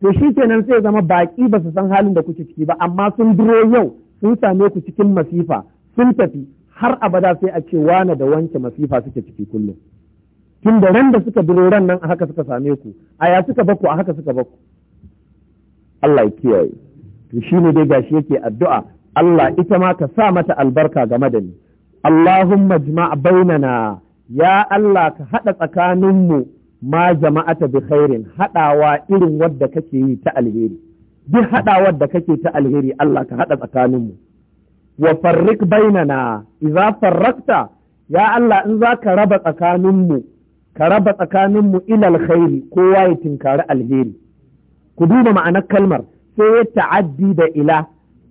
to shi kenan sai zama baƙi ba su san halin da kuke ciki ba amma sun duro yau sun same ku cikin masifa sun tafi har abada sai a ce wane da wanke masifa suke ciki kullum tun da ran da suka duro ran nan a haka suka same ku a ya suka bakku a haka suka bakku Allah ya kiyaye to shi ne dai gashi yake addu'a Allah ita ma ka sa mata albarka game da ni Allahumma jma'a bainana ya Allah ka haɗa tsakaninmu ma jama'ata bi khairin haɗawa irin wadda kake yi ta alheri duk haɗawar da kake ta alheri Allah ka haɗa tsakaninmu wa farrik bainana idza farrakta ya Allah in za ka raba tsakaninmu ka raba tsakaninmu ilal khairi kowa ya tinkari alheri ku duba ma'anar kalmar sai ya ta'addi da ila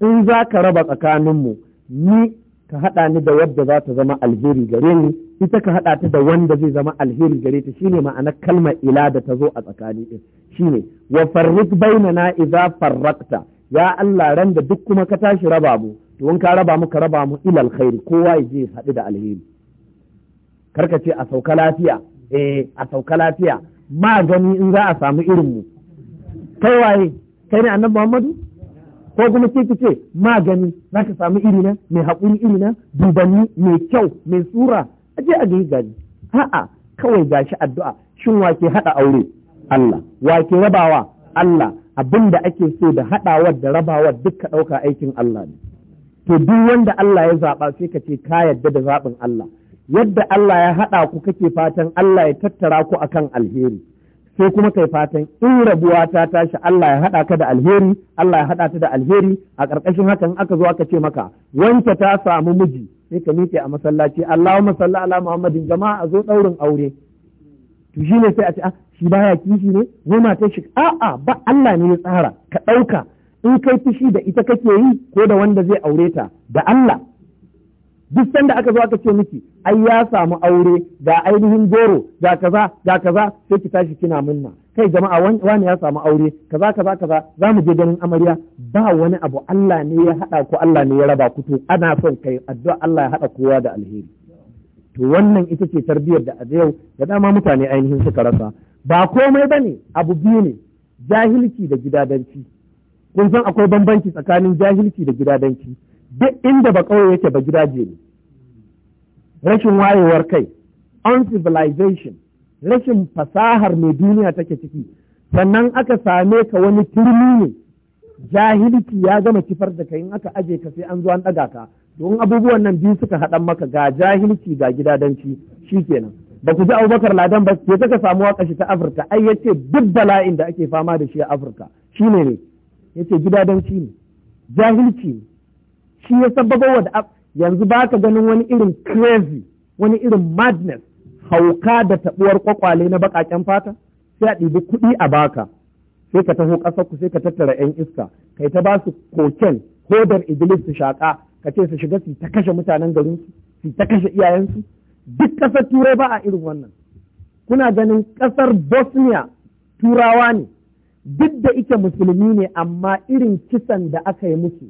in za ka raba tsakaninmu ni ka haɗa ni da wadda za ta zama alheri gare ni ita ka haɗa ta da wanda zai zama alheri gare ta shine ma'anar kalmar ila da ta zo a tsakani din shine wa farrik bainana idza farrakta ya Allah ran da duk kuma ka tashi raba mu to in ka raba mu ka raba mu ila alkhairi kowa ya je haɗu da alheri karka ce a sauka lafiya eh a sauka lafiya magani in za a samu irin mu kai waye kai ne annabi Muhammadu ko kuma ke ki ce magani za ka samu iri na mai haƙuri iri na dubanni mai kyau mai tsura a je a gani gani a'a kawai gashi addu'a shin wake haɗa aure Allah wake rabawa Allah abin da ake so da haɗawa da rabawa duka dauka aikin Allah ne to duk wanda Allah ya zaɓa sai ka ce ka yadda da zaɓin Allah yadda Allah ya haɗa ku kake fatan Allah ya tattara ku akan alheri sai kuma kai fatan in rabuwa ta tashi Allah ya haɗa ka da alheri Allah ya haɗa ta da alheri a ƙarƙashin hakan aka zo aka ce maka wanke ta samu miji sai ka miƙe a masallaci Allahumma salli ala Muhammadin jama'a a zo daurin aure to shine sai a ce ah shi baya kishi ne ma ta shi a'a ba Allah ne ya tsara ka ɗauka in kai fushi da ita kake yi ko da wanda zai aure ta da Allah duk sanda aka zo aka ce miki ai ya samu aure ga ainihin goro ga kaza ga kaza sai ki tashi kina munna kai jama'a wani ya samu aure kaza kaza kaza za mu je ganin amarya ba wani abu Allah ne ya hada ku Allah ne ya raba ku to ana son kai addu'a Allah ya hada kowa da alheri to wannan ita ce tarbiyyar da a yau da dama mutane ainihin suka rasa ba komai bane abu biyu ne jahilci da gidadanci kun san akwai bambanci tsakanin jahilci da gidadanci duk inda ba ƙauye yake ba gida je ne rashin wayewar kai uncivilization rashin fasahar mai duniya take ciki sannan aka same ka wani turmi ne jahilci ya gama kifar da kai in aka aje ka sai an zo an ɗaga ka don abubuwan nan biyu suka haɗan maka ga jahilci ga gidadanci kenan ba ku ji abubakar ladan ba ke taka samu waka shi ta afirka ai yace duk bala'in da ake fama da shi a afirka shine ne yace gidadanci ne jahilci ne shi ya wa da yanzu ba ka ganin wani irin crazy wani irin madness hauka da taɓuwar kwakwale na baƙaƙen fata sai a ɗibi kuɗi a baka sai ka taho ƙasar ku sai ka tattara 'yan iska kai ta ba su koken hodar iblis su shaƙa ka ce su shiga su ta kashe mutanen garin su su ta kashe iyayensu duk ƙasar turai ba a irin wannan kuna ganin ƙasar bosnia turawa ne duk da ike musulmi ne amma irin kisan da aka yi musu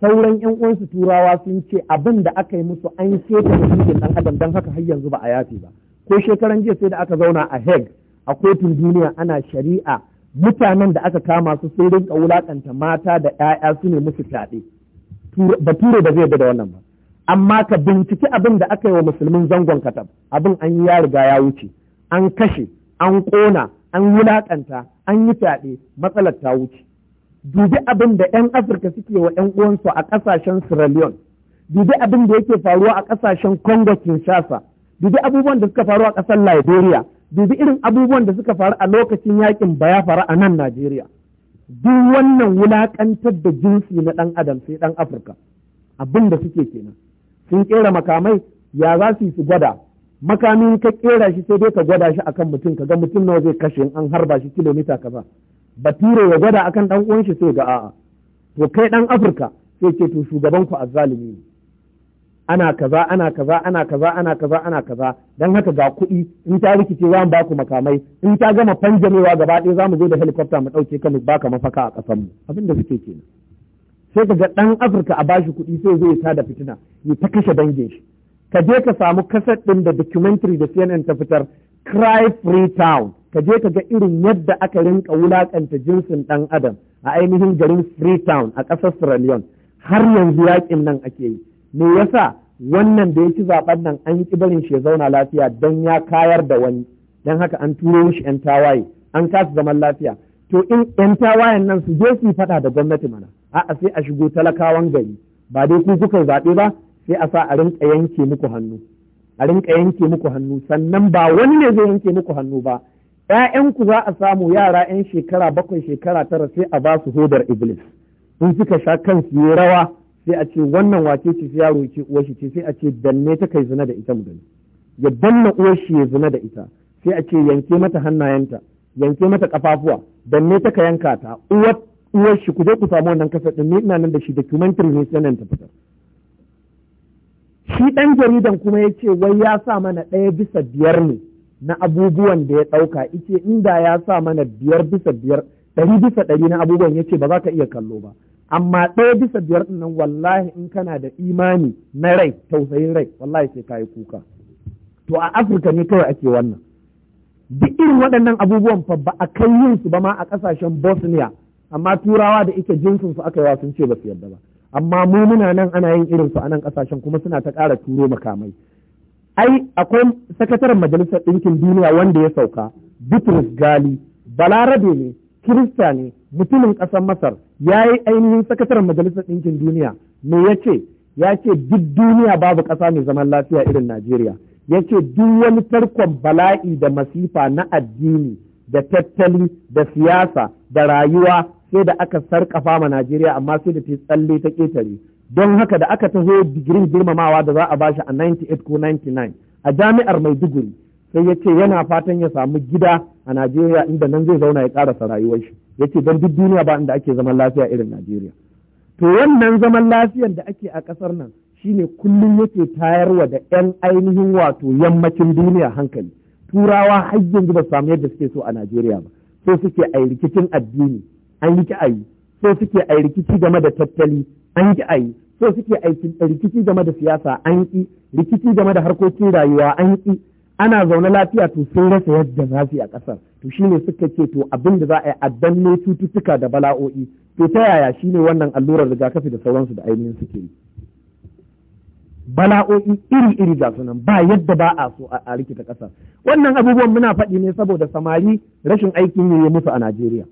sauran yan uwansu turawa sun ce abin da aka yi musu an keta mutuncin ɗan adam don haka har yanzu ba a yafe ba ko shekaran jiya sai da aka zauna a heg a kotun duniya ana shari'a mutanen da aka kama su sun rinka wulakanta mata da 'ya'ya su ne musu fyaɗe bature ba zai da wannan ba amma ka binciki abin da aka yi wa musulmin zangon katab abin an yi ya riga ya wuce an kashe an ƙona an wulaƙanta, an yi fyaɗe matsalar ta wuce dubi abin da 'yan afirka suke wa 'yan uwansu a ƙasashen sierra leone dubi abin da yake faruwa a ƙasashen congo kinshasa dubi abubuwan da suka faru a ƙasar liberia dubi irin abubuwan da suka faru a lokacin yakin bayafara a nan najeriya duk wannan wulaƙantar da jinsi na ɗan adam sai ɗan afirka abin da suke kenan sun ƙera makamai ya za su yi su gwada makamin ka ƙera shi sai dai ka gwada shi akan mutum ka ga mutum nawa zai kashe in an harba shi kilomita kaza bature ya gwada akan dan uwan shi sai ga a'a to kai ɗan afirka sai ce to shugaban ku azzalimi ne ana kaza ana kaza ana kaza ana kaza ana kaza dan haka ga kuɗi in ta rikice za mu baku makamai in ta gama fanjamewa gaba ɗaya za mu zo da helicopter mu ɗauke ka mu baka mafaka a ƙasar mu abin da suke kenan sai ka ga ɗan Afirka a bashi kuɗi sai zai ta da fitina ya ta kashe dangin shi ka je ka samu kasar ɗin da documentary da CNN ta fitar cry free town ka je ka ga irin yadda aka rinka wulakanta jinsin ɗan adam a ainihin garin Free Town a ƙasar sierra leone har yanzu yaƙin nan ake yi me yasa wannan da ya ci nan an ki barin shi ya zauna lafiya don ya kayar da wani don haka an turo shi yan tawaye an kasa zaman lafiya to in yan tawayen nan su je su faɗa da gwamnati mana a'a sai a shigo talakawan gari ba dai ku kuka zaɓe ba sai a sa a rinka yanke muku hannu a rinka yanke muku hannu sannan ba wani ne zai yanke muku hannu ba ‘ya'yanku za a samu yara ‘yan shekara bakwai shekara tara sai a ba su hodar iblis in suka sha kansu yi rawa sai a ce wannan wace ce yaro ce uwar shi ce sai a ce danne ta kai zina da ita mu gani ya danna uwar shi ya zina da ita sai a ce yanke mata hannayenta yanke mata kafafuwa danne ta ka yanka ta uwar uwar shi ku je ku samu wannan kasa ɗin ni ina nan da shi documentary ne sai nan ta fitar shi ɗan jaridan kuma ya ce wai ya sa mana ɗaya bisa biyar ne na abubuwan da ya ɗauka ice inda ya sa mana biyar bisa biyar ɗari bisa ɗari na abubuwan ya ce ba za ka iya kallo ba amma ɗaya bisa biyar ɗin nan wallahi in kana da imani na rai tausayin rai wallahi sai ka yi kuka to a afirka ne kawai ake wannan duk irin waɗannan abubuwan fa ba a kai yin su ba ma a ƙasashen bosnia amma turawa da ita jinsin su aka yawa sun ce ba su yarda ba amma mu muna nan ana yin irin su a nan kasashen kuma suna ta ƙara turo makamai ai akwai sakataren majalisar ɗinkin duniya wanda ya sauka Bitrus Gali balarabe ne kirista ne mutumin ƙasar Masar ya yi ainihin sakataren majalisar ɗinkin duniya me ya ce ya ce duk duniya babu ƙasa mai zaman lafiya irin Najeriya ya ce duk wani tarkon bala'i da masifa na addini da tattali da siyasa da rayuwa sai da aka sarkafa ma Najeriya amma sai da ta tsalle ta ƙetare don haka da aka taho digirin girmamawa da za a bashi a 98 ko 99 a jami'ar Maiduguri sai ya ce yana fatan ya samu gida a Najeriya inda nan zai zauna ya karasa rayuwar shi ya ce don duk duniya ba inda ake zaman lafiya irin Najeriya to wannan zaman lafiyan da ake a ƙasar nan shine kullum yake tayarwa da 'yan ainihin wato yammacin duniya hankali turawa har yanzu ba samu yadda suke so a Najeriya ba so suke a rikicin addini an yi ki a so suke a rikici game da tattali an yi a yi so suke a rikici game da siyasa an ki rikici game da harkokin rayuwa an yi ana zaune lafiya to sun rasa yadda za su yi a ƙasar to shine suka ce to abin da za a yi a danne cututtuka da bala'o'i to ta yaya shine wannan allurar rigakafi da sauransu da ainihin suke yi bala'o'i iri-iri ga nan ba yadda ba a so a rikita ƙasar wannan abubuwan muna faɗi ne saboda samari rashin aikin yi musu a Najeriya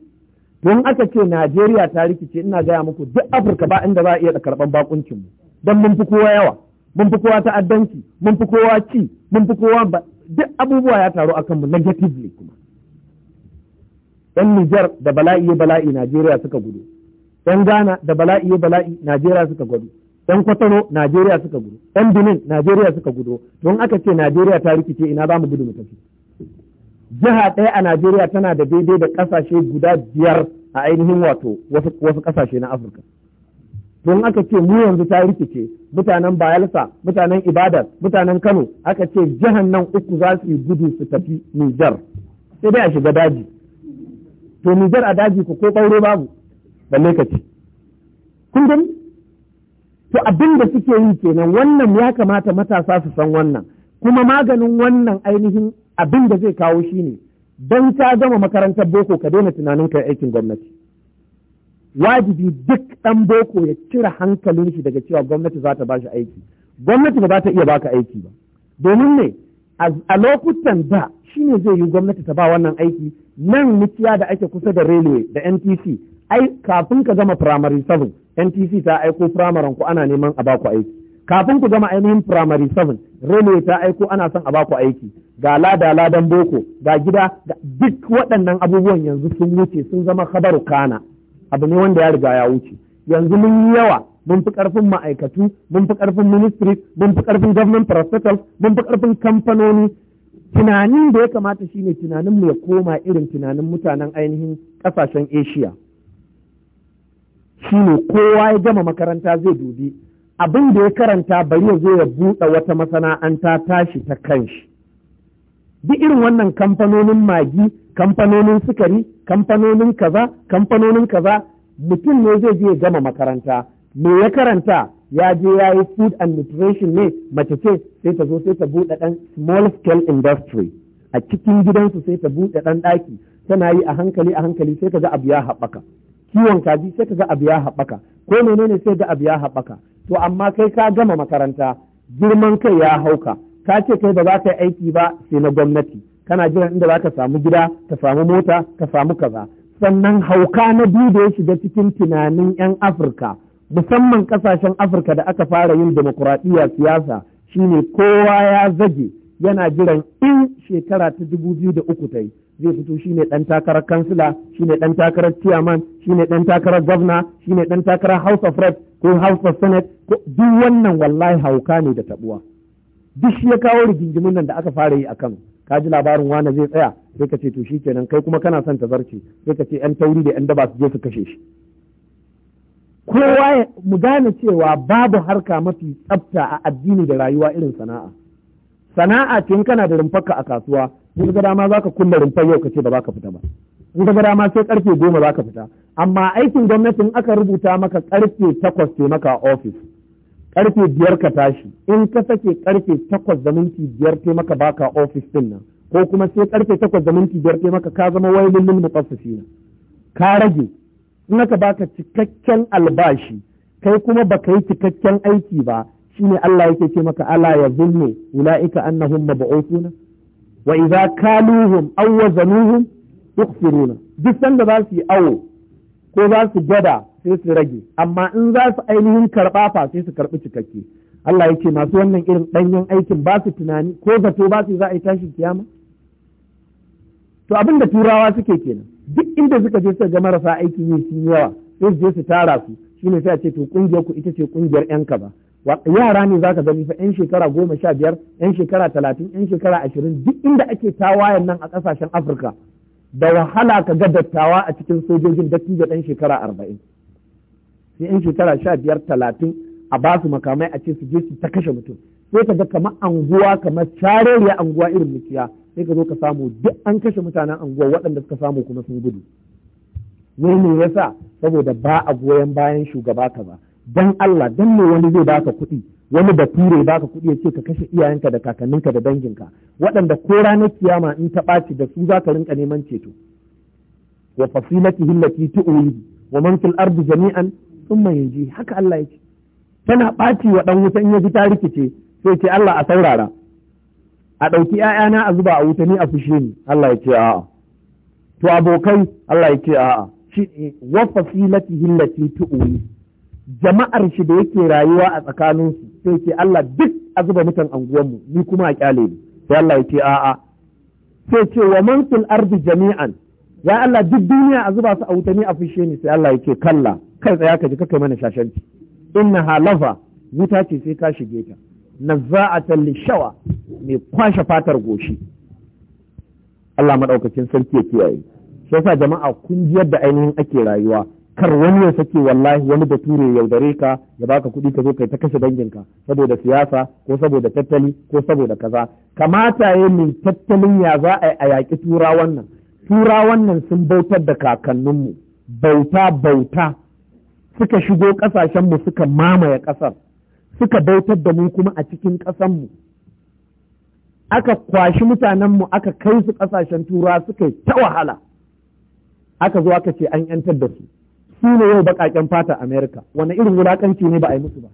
don aka ce Najeriya ta rikice ina gaya muku duk Afirka ba inda za a iya karɓan bakuncin mu don mun fi kowa yawa mun fi kowa ta'addanci mun fi kowa ci mun fi kowa ba duk abubuwa ya taru akan mu negatively kuma yan Nijar da bala'i bala'i Najeriya suka gudu yan Ghana da bala'i bala'i Najeriya suka gudu yan Kwatano Najeriya suka gudu yan Benin Najeriya suka gudu don aka ce Najeriya ta rikice ina za mu gudu mu tafi jiha ɗaya a Najeriya tana da daidai da ƙasashe guda biyar a ainihin wato wasu ƙasashe na Afirka. Don aka ce mu yanzu ta rikice mutanen Bayelsa, mutanen Ibadan, mutanen Kano, aka ce jihan nan uku za su yi gudu su tafi Nijar. Sai dai a shiga daji. To Nijar a daji ku ko ɓaure babu, balle ka ce. Kun gani? To abin da suke yi kenan wannan ya kamata matasa su san wannan. Kuma maganin wannan ainihin abin da zai kawo shi ne don ka gama makarantar boko ka daina tunanin kai aikin gwamnati wajibi duk ɗan boko ya cire hankalin shi daga cewa gwamnati za ta ba shi aiki gwamnati ba za ta iya baka aiki ba domin ne a lokutan da shi ne zai yi gwamnati ta ba wannan aiki nan muciya da ake kusa da railway da ntc ai kafin ka gama firamare 7 ntc ta aiko firamaren ku ana neman a baku aiki kafin ku gama ainihin primary 7 Rene ta aiko ana son a baku aiki ga lada ladan boko ga gida ga duk waɗannan abubuwan yanzu sun wuce sun zama khabaru kana abu ne wanda ya riga ya wuce yanzu mun yi yawa mun fi ƙarfin ma'aikatu mun fi ƙarfin ministry mun fi ƙarfin government parastatals mun fi ƙarfin kamfanoni tunanin da ya kamata shine tunanin mu ya koma irin tunanin mutanen ainihin ƙasashen asia shine kowa ya gama makaranta zai dubi abin da ya karanta bari ya zo ya buɗe wata masana'anta tashi ta kanshi duk irin wannan kamfanonin magi kamfanonin sukari kamfanonin kaza kamfanonin kaza mutum ne zai je gama makaranta me ya karanta ya je ya yi food and nutrition ne mace ce sai ta zo sai ta buɗe ɗan small scale industry a cikin gidansu sai ta buɗe ɗan ɗaki tana yi a hankali a hankali sai ka ga abu ya haɓaka kiwon kaji sai ka ga abu ya haɓaka ko menene sai ga abu ya haɓaka to amma kai ka gama makaranta girman kai ya hauka ka ce kai ba za ka yi aiki ba sai na gwamnati kana jiran inda za ka samu gida ka samu mota ka samu kaza sannan hauka na biyu da ya shiga cikin tunanin 'yan afirka musamman kasashen afirka da aka fara yin demokuraɗiyya siyasa shine kowa ya zage yana jiran in shekara ta dubu biyu da uku ta yi zai fito shine ɗan takarar kansila shine ɗan takarar chairman shine ɗan takarar gwamna shine ɗan takarar house of reps in Hausa of duk wannan wallahi hauka ne da tabuwa duk shi ya kawo rigingimin nan da aka fara yi a kan ka ji labarin wani zai tsaya sai ka ce to shi kenan kai kuma kana son ta zarce sai ka ce yan tauri da yan daba su je su kashe shi kowa mu gane cewa babu harka mafi tsafta a addini da rayuwa irin sana'a sana'a ce in kana da rumfarka a kasuwa in ga dama za ka kunna rumfar yau ka ce ba za ka fita ba in ga dama sai karfe goma za ka fita amma aikin gwamnatin aka rubuta maka karfe takwas ke maka ofis karfe biyar ka tashi in ka sake karfe takwas da minti biyar ke maka baka ofis din nan ko kuma sai karfe takwas da minti biyar ke maka ka zama wailin lil mutaffifina ka rage in aka baka cikakken albashi kai kuma baka yi cikakken aiki ba shine Allah yake ce maka ala ya zulmu ulaika annahum mab'usuna wa idza kaluhum aw wazanuhum yukhsiruna duk sanda za su yi awo ko za su gwada sai su rage amma in za su ainihin karɓa fa sai su karɓi cikakke Allah yake masu wannan irin ɗanyen aikin ba su tunani ko zato ba su za a yi tashin kiyama to abin da turawa suke kenan duk inda suka je suka ga marasa aiki yi sun yawa sai su je su tara su shine sai a ce to kungiyar ku ita ce kungiyar yan ba. yara ne za ka gani fa yan shekara goma sha biyar yan shekara talatin yan shekara ashirin duk inda ake tawayen nan a ƙasashen afirka da wahala ka ga dattawa a cikin sojojin dattijo ɗan shekara arba'in sai yan shekara sha biyar talatin a ba su makamai a ce su je su ta kashe mutum sai ka ga kamar anguwa kamar careriya anguwa irin mukiya sai ka zo ka samu duk an kashe mutanen anguwa waɗanda suka samu kuma sun gudu wai me yasa saboda ba a goyon bayan shugaba ka ba dan Allah dan me wani zai baka kuɗi wani bature ka kuɗi ya ce ka kashe iyayenka da kakanninka da danginka waɗanda ko ranar kiyama in ta ɓaci da su za ka rinka neman ceto wa fasilatihi allati tu'wi wa man fil ardi jami'an thumma yanji haka Allah yake tana ɓaci wa ɗan wuta in ya ji ta rikice sai ce Allah a saurara a ɗauki ‘ya'yana a zuba a wuta ni a fushe ni Allah ya ce a'a to abokai Allah ya ce a'a shi wa fasilatihi allati tu'wi jama'ar shi da yake rayuwa a tsakanin su sai ce Allah duk a zuba mutan anguwan mu ni kuma a kyale ni sai Allah ya ce a'a sai ce wa man fil ardi jami'an ya Allah duk duniya a zuba su a wuta ni a fushe ni sai Allah ya ce kalla kai tsaya ka ji kai mana shashanci inna halafa wuta ce sai ka shige ta nazza'atan lishawa mai kwashe fatar goshi Allah maɗaukacin sarki ya kiyaye shi yasa jama'a kun da ainihin ake rayuwa kar wani ya sake wallahi wani da ya yaudare ka ya baka kuɗi ka zo kai ta kashe danginka saboda siyasa ko saboda tattali ko saboda kaza kamata ya min tattalin ya za a yi a yaƙi turawan nan turawan nan sun bautar da kakanninmu bauta bauta suka shigo ƙasashenmu suka mamaye ƙasar suka bautar da mu kuma a cikin ƙasanmu aka kwashi mutanenmu aka kai su ƙasashen turawa suka ta wahala aka zo aka ce an 'yantar da su su ne yau baƙaƙen fata Amerika wani irin wulaƙanci ne ba a yi musu ba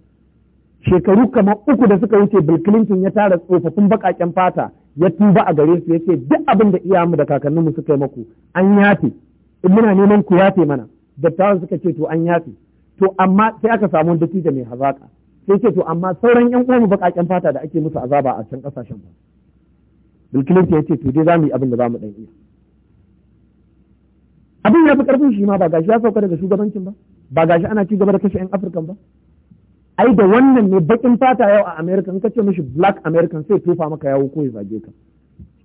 shekaru kamar uku da suka wuce Bill Clinton ya tara tsofaffin baƙaƙen fata ya tuba a gare su ya ce duk abin da iya mu da kakanninmu suka yi maku an yafe in muna neman ku yafe mana dattawan suka ce to an yafe to amma sai aka samu dattijo mai hazaƙa sai ce to amma sauran yan uwanmu baƙaƙen fata da ake musu azaba a can ƙasashen ba Bill Clinton ya ce to dai za mu yi abin da za mu ɗan iya abin ya fi karfin shi ma ba gashi ya sauka daga shugabancin ba ba gashi ana ci gaba da kashe 'yan afirkan ba ai da wannan ne bakin fata yau a america in kace mishi black american sai tufa maka yawo ko ya zage ka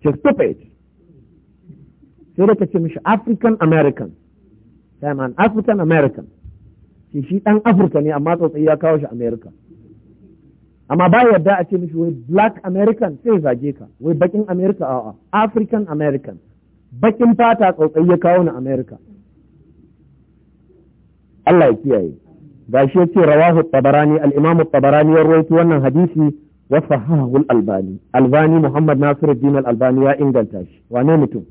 ce stupid sai da kace mishi african american sai an african american shi shi dan afirka ne amma tsotsai ya kawo shi america amma ba yadda a ce mishi wai black american sai zage ka wai bakin america a'a african american bakin fata tsautsai ya kawo ni Amerika. Allah ya kiyaye. Gashi ya ce rawahu tabarani al-imamu tabarani ya rawaito wannan hadisi wa sahahu albani albani Muhammad Nasiruddin al-Albani ya inganta shi. Wane mutum?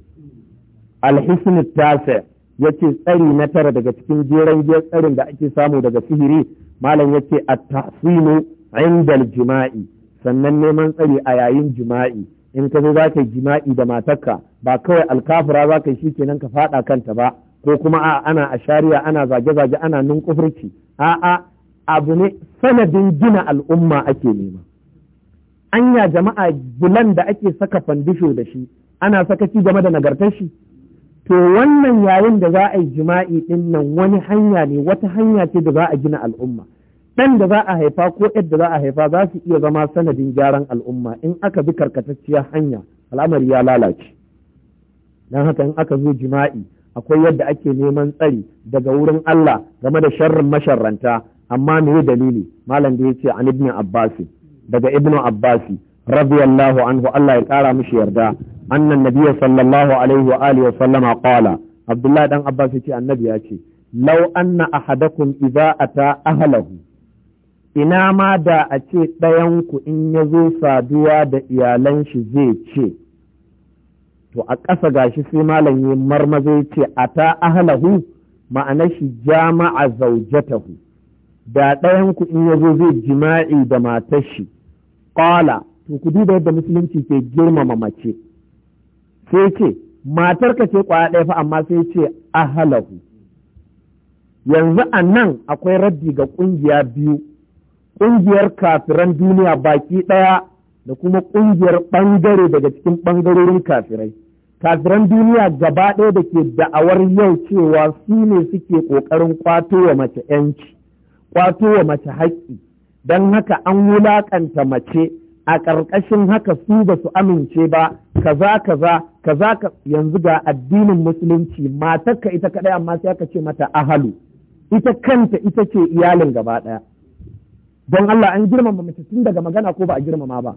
Al-Hisn tasi yace tsari na tara daga cikin jeran giyar tsarin da ake samu daga sihiri malam yace at-tahsinu 'inda al-jima'i sannan neman tsari a yayin jima'i in ka zo za ka yi jima'i da matarka ba kawai alkafura za ka yi shi kenan ka faɗa kanta ba ko kuma a ana ashariya ana zage-zage ana ninkufurci a'a abu ne sanadin gina al'umma ake nema anya jama'a bulan da ake saka fandisho da shi ana sakaci game da nagartar shi to wannan yayin da za a yi jima'i din nan wani hanya ne wata hanya ce da za a gina al'umma ɗan da za a haifa ko yadda za a haifa za su iya zama sanadin gyaran al'umma in aka bi karkatacciyar hanya al'amari ya lalace don haka in aka zo jima'i akwai yadda ake neman tsari daga wurin Allah game da sharrin masharranta amma me dalili malam da yace an ibn abbasi daga ibn abbasi radiyallahu anhu Allah ya kara mishi yarda annan nabiyyu sallallahu alaihi wa alihi wa sallama qala abdullah dan abbas yace annabi ce law anna ahadakum idza ata ahlahu ina ma da a ce ɗayanku in ya zo saduwa da iyalan shi zai ce to a ƙasa gashi sai malam yi marma zai ce a ta ahalahu ma'ana shi jama'a zaujatahu da ɗayanku in ya zo zai jima'i da matar shi ƙwala to ku duba yadda musulunci ke girmama mace sai ce matar ka ce ƙwaya ɗaya fa amma sai ce ahalahu yanzu a nan akwai raddi ga ƙungiya biyu ƙungiyar kafiran duniya baki ɗaya da kuma ƙungiyar ɓangare daga cikin ɓangarorin kafirai kafiran duniya gaba ɗaya da ke da'awar yau cewa su ne suke ƙoƙarin kwato wa mace 'yanci kwato wa mace haƙƙi don haka an wulaƙanta mace a ƙarƙashin haka su ba su amince ba kaza kaza kaza ka yanzu ga addinin musulunci matarka ita kaɗai amma sai aka ce mata ahalu ita kanta ita ce iyalin gaba ɗaya don Allah an girmama mace tun daga magana ko ba a girmama ba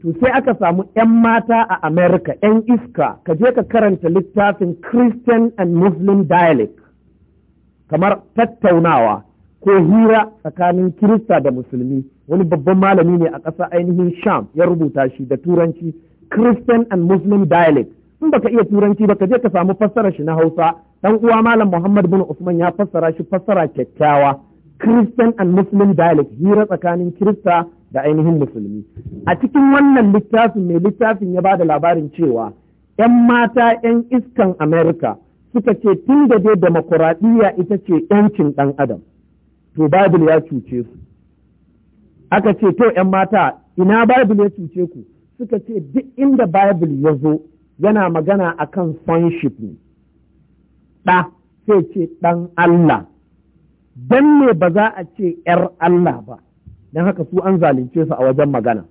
to sai aka samu 'yan mata a Amerika, 'yan iska ka je ka karanta littafin Christian and Muslim dialect kamar tattaunawa ko hira tsakanin Kirista da Musulmi wani babban malami ne a ƙasa ainihin Sham ya rubuta shi da turanci Christian and Muslim dialect in baka iya turanci ba ka je ka samu fassara shi na Hausa dan uwa malam Muhammad bin Usman ya fassara shi fassara kyakkyawa Christian and Muslim dialect hira tsakanin Kirista da ainihin Musulmi. A cikin wannan littafin mai littafin ya ba da labarin cewa ‘yan mata ‘yan iskan Amerika suka ce tun da dai demokuraɗiyya ita ce ‘yancin ɗan adam, to Babil ya cuce su. Aka ce to ‘yan mata ina Babil ya cuce ku suka ce duk inda Babil ya zo yana magana akan kan ne. Ɗa sai ce ɗan Allah. dan ne ba za a ce ‘yar Allah ba, don haka su an zalunce su a wajen magana.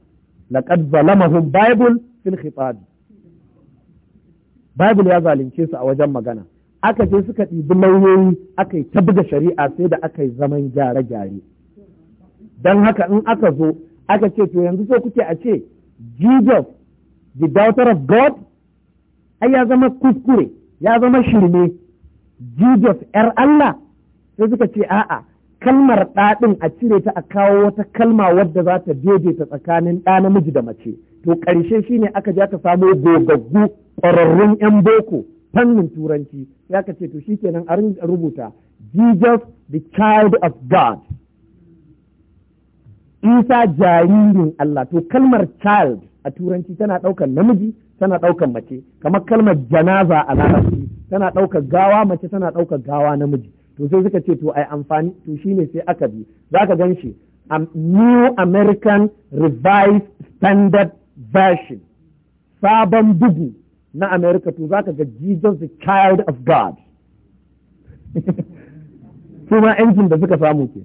Laƙad zalamahum Baibul fil khitabi. Baibul ya zalunce su a wajen magana. Aka je suka ɗibi lauyoyi aka yi ta buga shari'a sai da aka yi zaman gyare-gyare. Don haka in aka zo aka ce to yanzu so kuke a ce Jesus the daughter of God ai ya zama kuskure ya zama shirme Jesus ‘yar Allah sai suka ce a'a kalmar ɗaɗin a cire ta a kawo wata kalma wadda za ta ta tsakanin ɗa namiji da mace to ƙarshe shine aka ja ta samo gogaggu ƙwararrun 'yan boko fannin turanci ya ka ce to shikenan a rubuta Jesus the child of God Isa jaririn Allah to kalmar child a turanci tana ɗaukar namiji tana ɗaukar mace kamar kalmar janaza a larabci tana ɗaukar gawa mace tana ɗaukar gawa namiji to sai suka ce to ai amfani to shine sai aka bi za ka gan shi new american revised standard version sabon bugu na america to za ka ga jesus the child of god kuma yankin da suka samu ke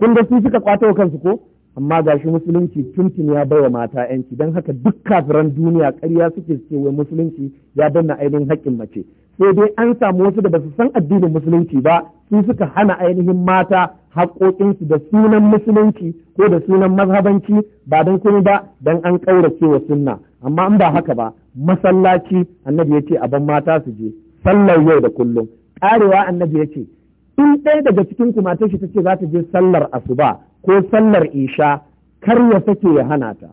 tun da su suka kwato kansu ko amma ga shi musulunci tuntun ya baiwa mata yanci don haka duk kafiran duniya karya suke ce musulunci ya danna ainihin haƙƙin mace sai dai an samu wasu da basu san addinin musulunci ba su suka hana ainihin mata haƙoƙinsu da sunan musulunci ko da sunan mazhabanci ba don kuma ba don an ƙaurace wa sunna amma in ba haka ba masallaci annabi ya ce a ban mata su je sallar yau da kullum ƙarewa annabi ya ce in ɗaya daga cikin ku mata shi ce za ta je sallar asuba ko sallar isha kar ya sake ya hana ta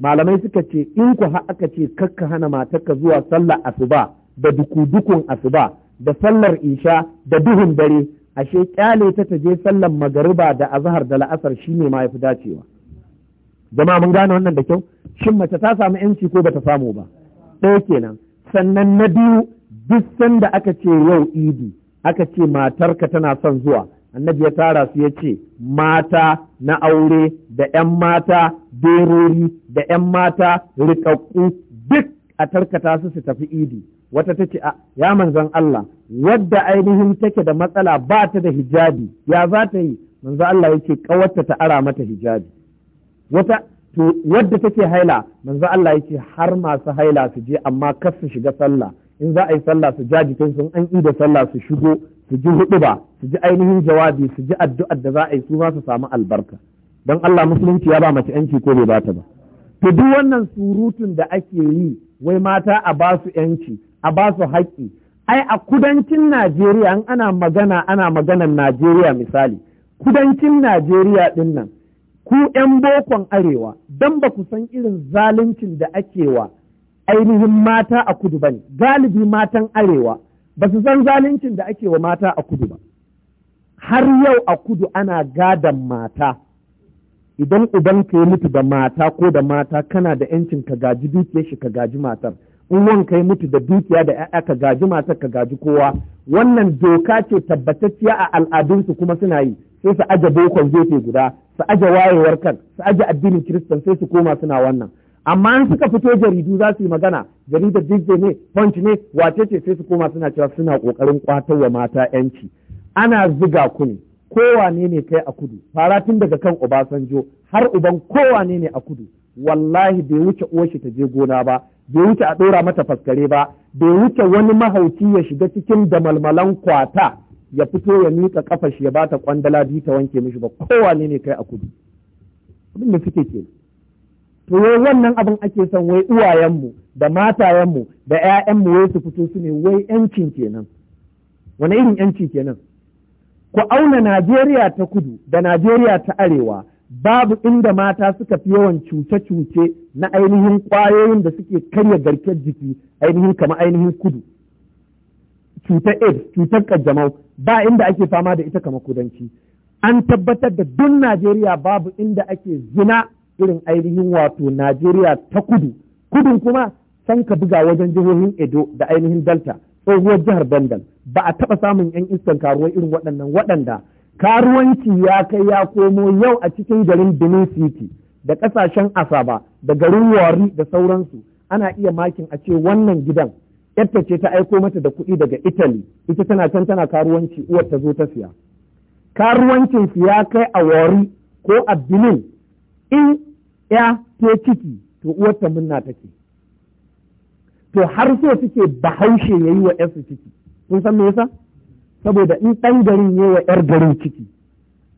malamai suka ce in ku aka ce kakka hana matarka zuwa sallar asuba da dukudukun asuba da sallar isha da duhun dare ashe kyale ta taje sallar magariba da azhar da la'asar shine ma yafi dacewa jama'a mun gane wannan da kyau shin mace ta samu yanci ko bata samu ba ɗaya kenan sannan na biyu duk sanda aka ce yau idi aka ce matarka tana son zuwa annabi ya tara su ya ce mata na aure da 'yan mata berori da 'yan mata rikakku duk a tarkata su su tafi idi wata ta a ya manzon Allah wadda ainihin take da matsala ba ta da hijabi ya za ta yi manzon Allah yake kawarta ta ara mata hijabi wata to wadda take haila manzon Allah yake har masu haila su je amma kar su shiga sallah in za a yi sallah su ja jikin sun an da sallah su shigo su ji hudu ba su ji ainihin jawabi su ji addu'ar da za a yi su ma su samu albarka don Allah musulunci ya ba mace yanci ko bai bata ba to duk wannan surutun da ake yi wai mata a ba su yanci a ba su haƙƙi ai a kudancin Najeriya in ana magana ana maganan Najeriya misali kudancin Najeriya ɗin nan ku 'yan bokon arewa don ba ku san irin zaluncin da ake wa ainihin mata a kudu ba ne galibi matan arewa ba su san zaluncin da ake wa mata a kudu ba har yau a kudu ana gadon mata idan ubanka ya mutu da mata ko da mata kana da 'yancin ka gaji dukiyar shi ka gaji matar in wanka mutu da dukiya da ‘ya'ya ka gaji matar ka gaji kowa wannan doka ce tabbatacciya a al'adunsu kuma suna yi sai su aje bokon gefe guda su aje wayewar kan su aje addinin kiristan sai su koma suna wannan amma in suka fito jaridu za su yi magana jaridar digbe ne punch ne wace ce sai su koma suna cewa suna kokarin kwatar wa mata yanci ana ziga ku ne kowane ne kai a kudu fara tun daga kan obasanjo har uban kowane ne a kudu wallahi bai wuce shi ta je gona ba bai wuce a ɗora mata faskare ba bai wuce wani mahauci ya shiga cikin damalmalan kwata ya fito ya miƙa ƙafa shi ya ta kwandala biyu ta wanke mishi ba kowane ne kai a kudu abin da suke ke to wai wannan abin ake son wai uwayenmu da matayenmu da 'ya'yanmu wai su fito su ne wai yancin kenan wani irin yanci kenan ku auna Najeriya ta kudu da Najeriya ta arewa babu inda mata suka fi yawan cuce-cuce na ainihin ƙwayoyin da suke karya garkiyar jiki ainihin kama ainihin kudu cutar aids cutar ƙanjamau ba inda ake fama da ita kama kudanci an tabbatar da duk najeriya babu inda ake zina irin ainihin wato najeriya ta kudu kudun kuma san ka buga wajen jihohin edo da ainihin delta tsohuwar jihar bandal ba a taɓa samun yan iskan karuwa irin waɗannan waɗanda karuwanci ya kai ya komo yau a cikin garin benin city da ƙasashen asaba da garin wari da sauransu ana iya makin a ce wannan gidan yadda ce ta aiko mata da kuɗi daga italy ita tana can tana karuwanci uwar ta zo ta siya karuwancin su ya kai a wari ko a benin in ya ke ciki to uwar ta munna take to har so suke bahaushe yayi wa yarsu ciki kun san me yasa saboda in ɗan garin yayi wa yar garin ciki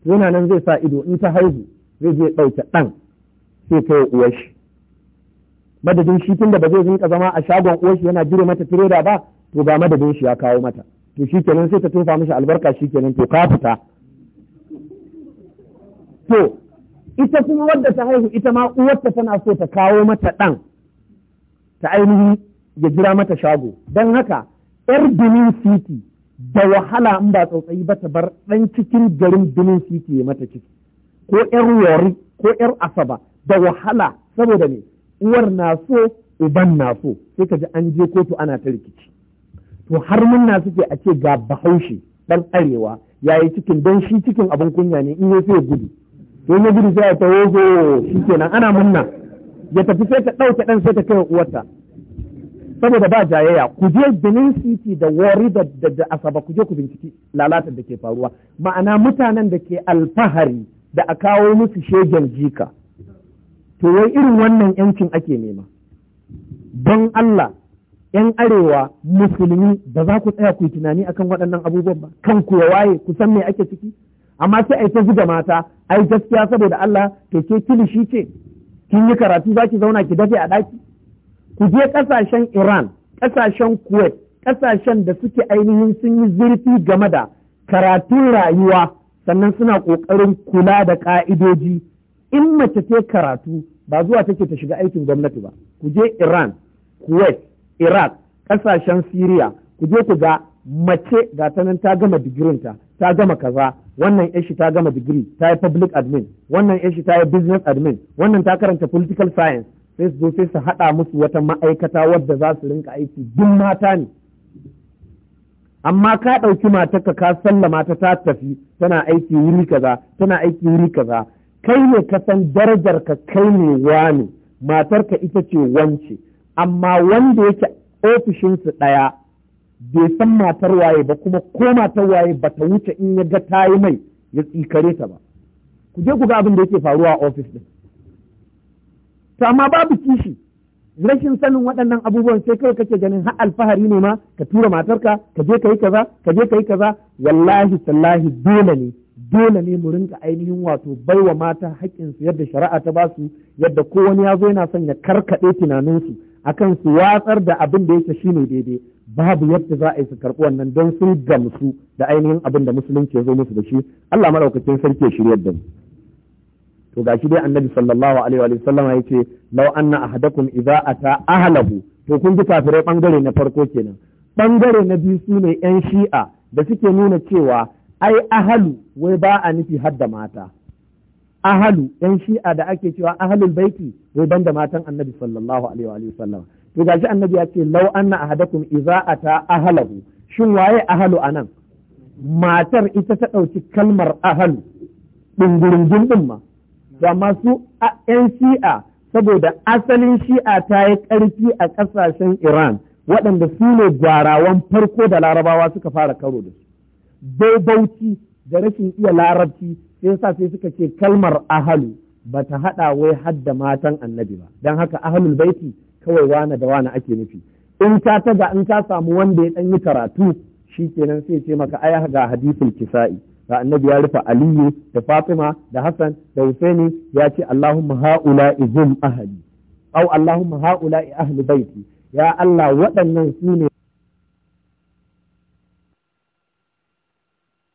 yana nan zai sa ido in ta haihu zai je ɗauke ɗan sai ta yi uwar shi madadin shi da ba zai rinka zama a shagon uwashi shi yana jire mata tireda ba to ba madadin shi ya kawo mata to shi kenan sai ta tofa mishi albarka shi kenan to ka fita to ita kuma wadda ta haihu ita ma uwarta tana so ta kawo mata ɗan ta ainihi ya jira mata shago don haka yar Benin City da wahala in ba tsautsayi ba ta bar ɗan cikin garin Benin City ya mata ciki ko yar Wari ko yar Asaba da wahala saboda ne uwar na so uban na so sai ka ji an je kotu ana ta rikici to har munna suke a ce ga bahaushe dan arewa yayi cikin don shi cikin abin kunya ne in sai ya gudu to ya gudu sai ya wogo shi nan ana munna ya tafi sai ta dauke ɗan sai ta kai uwarta saboda ba jayayya ku je Benin City da Wari da, da, Asaba ku je ku binciki lalata da ke faruwa ma'ana mutanen da ke alfahari da a kawo musu shegen jika to wai irin wannan yancin ake nema don Allah yan arewa musulmi ba za ku tsaya ku yi tunani akan waɗannan abubuwan ba kan ku ya waye ku san me ake ciki amma sai ai su ga mata ai gaskiya saboda Allah to ke kilishi ce kin yi karatu za ki zauna ki dafe a ɗaki ku je ƙasashen Iran ƙasashen Kuwait ƙasashen da suke ainihin sun yi zurfi game da karatun rayuwa sannan suna ƙoƙarin kula da ƙa'idoji in mace ce karatu ba zuwa take ta shiga aikin gwamnati ba ku je Iran Kuwait Iraq ƙasashen Syria ku je ku ga mace ga ta nan ta gama digirinta ta gama kaza wannan shi ta gama digiri ta yi public admin wannan shi ta yi business admin wannan ta karanta political science sai su zo sai su haɗa musu wata ma'aikata wadda za su rinka aiki duk mata ne amma ka ɗauki matar ka sallama ta ta tafi tana aiki wuri kaza tana aiki wuri kaza kai ne ka san darajar ka kai ne wani matarka ita ce wance amma wanda yake ofishinsu ɗaya bai san matar waye ba kuma ko matar waye ba ta wuce in ya ga ta yi mai ya tsikare ta ba ku je ku ga abin da yake faruwa a ofis ɗin Ta ma babu kishi rashin sanin waɗannan abubuwan sai kawai kake ganin har alfahari ne ma ka tura matarka ka je ka yi kaza ka je ka yi kaza wallahi sallahi dole ne dole ne mu rinka ainihin wato bai wa mata haƙƙinsu yadda shari'a ta basu yadda ko wani ya zo yana son ya karkaɗe tunaninsu akan su watsar da abin da yake shine daidai babu yadda za a yi su karɓi wannan don sun gamsu da ainihin abin da musulunci ya zo musu da shi Allah maɗaukacin sarki ya shirya da mu to gashi dai annabi sallallahu alaihi wa sallam ya ce law anna ahadakum idza ata ahlahu to kun ji kafirai bangare na farko kenan bangare na biyu sune yan shi'a da suke nuna cewa ai ahalu wai ba a nufi har da mata ahalu ɗan shi'a da ake cewa ahalul baiti wai da matan annabi sallallahu alaihi wa sallam to gashi annabi ya ce law anna ahadakum idza ata ahalahu shin waye ahalu anan matar ita ta ɗauki kalmar ahalu ɗungurungun ɗin ma to amma su yan shi'a saboda asalin shi'a ta yi ƙarfi a ƙasashen iran waɗanda su ne gwarawan farko da larabawa suka fara karo da su baibauci da rashin iya larabci sai yasa sai suka ce kalmar ahalu ba ta haɗa wai hadda matan annabi ba don haka ahalul baiti kawai wane da wane ake nufi in ka taga in ka samu wanda ya ɗan yi karatu shi kenan sai ce maka ai ga hadisul kisa'i ga annabi ya rufe aliyu da fatima da hassan da Hussaini ya ce allahumma haula izum ahli au allahumma haula ahli baiti ya allah waɗannan su ne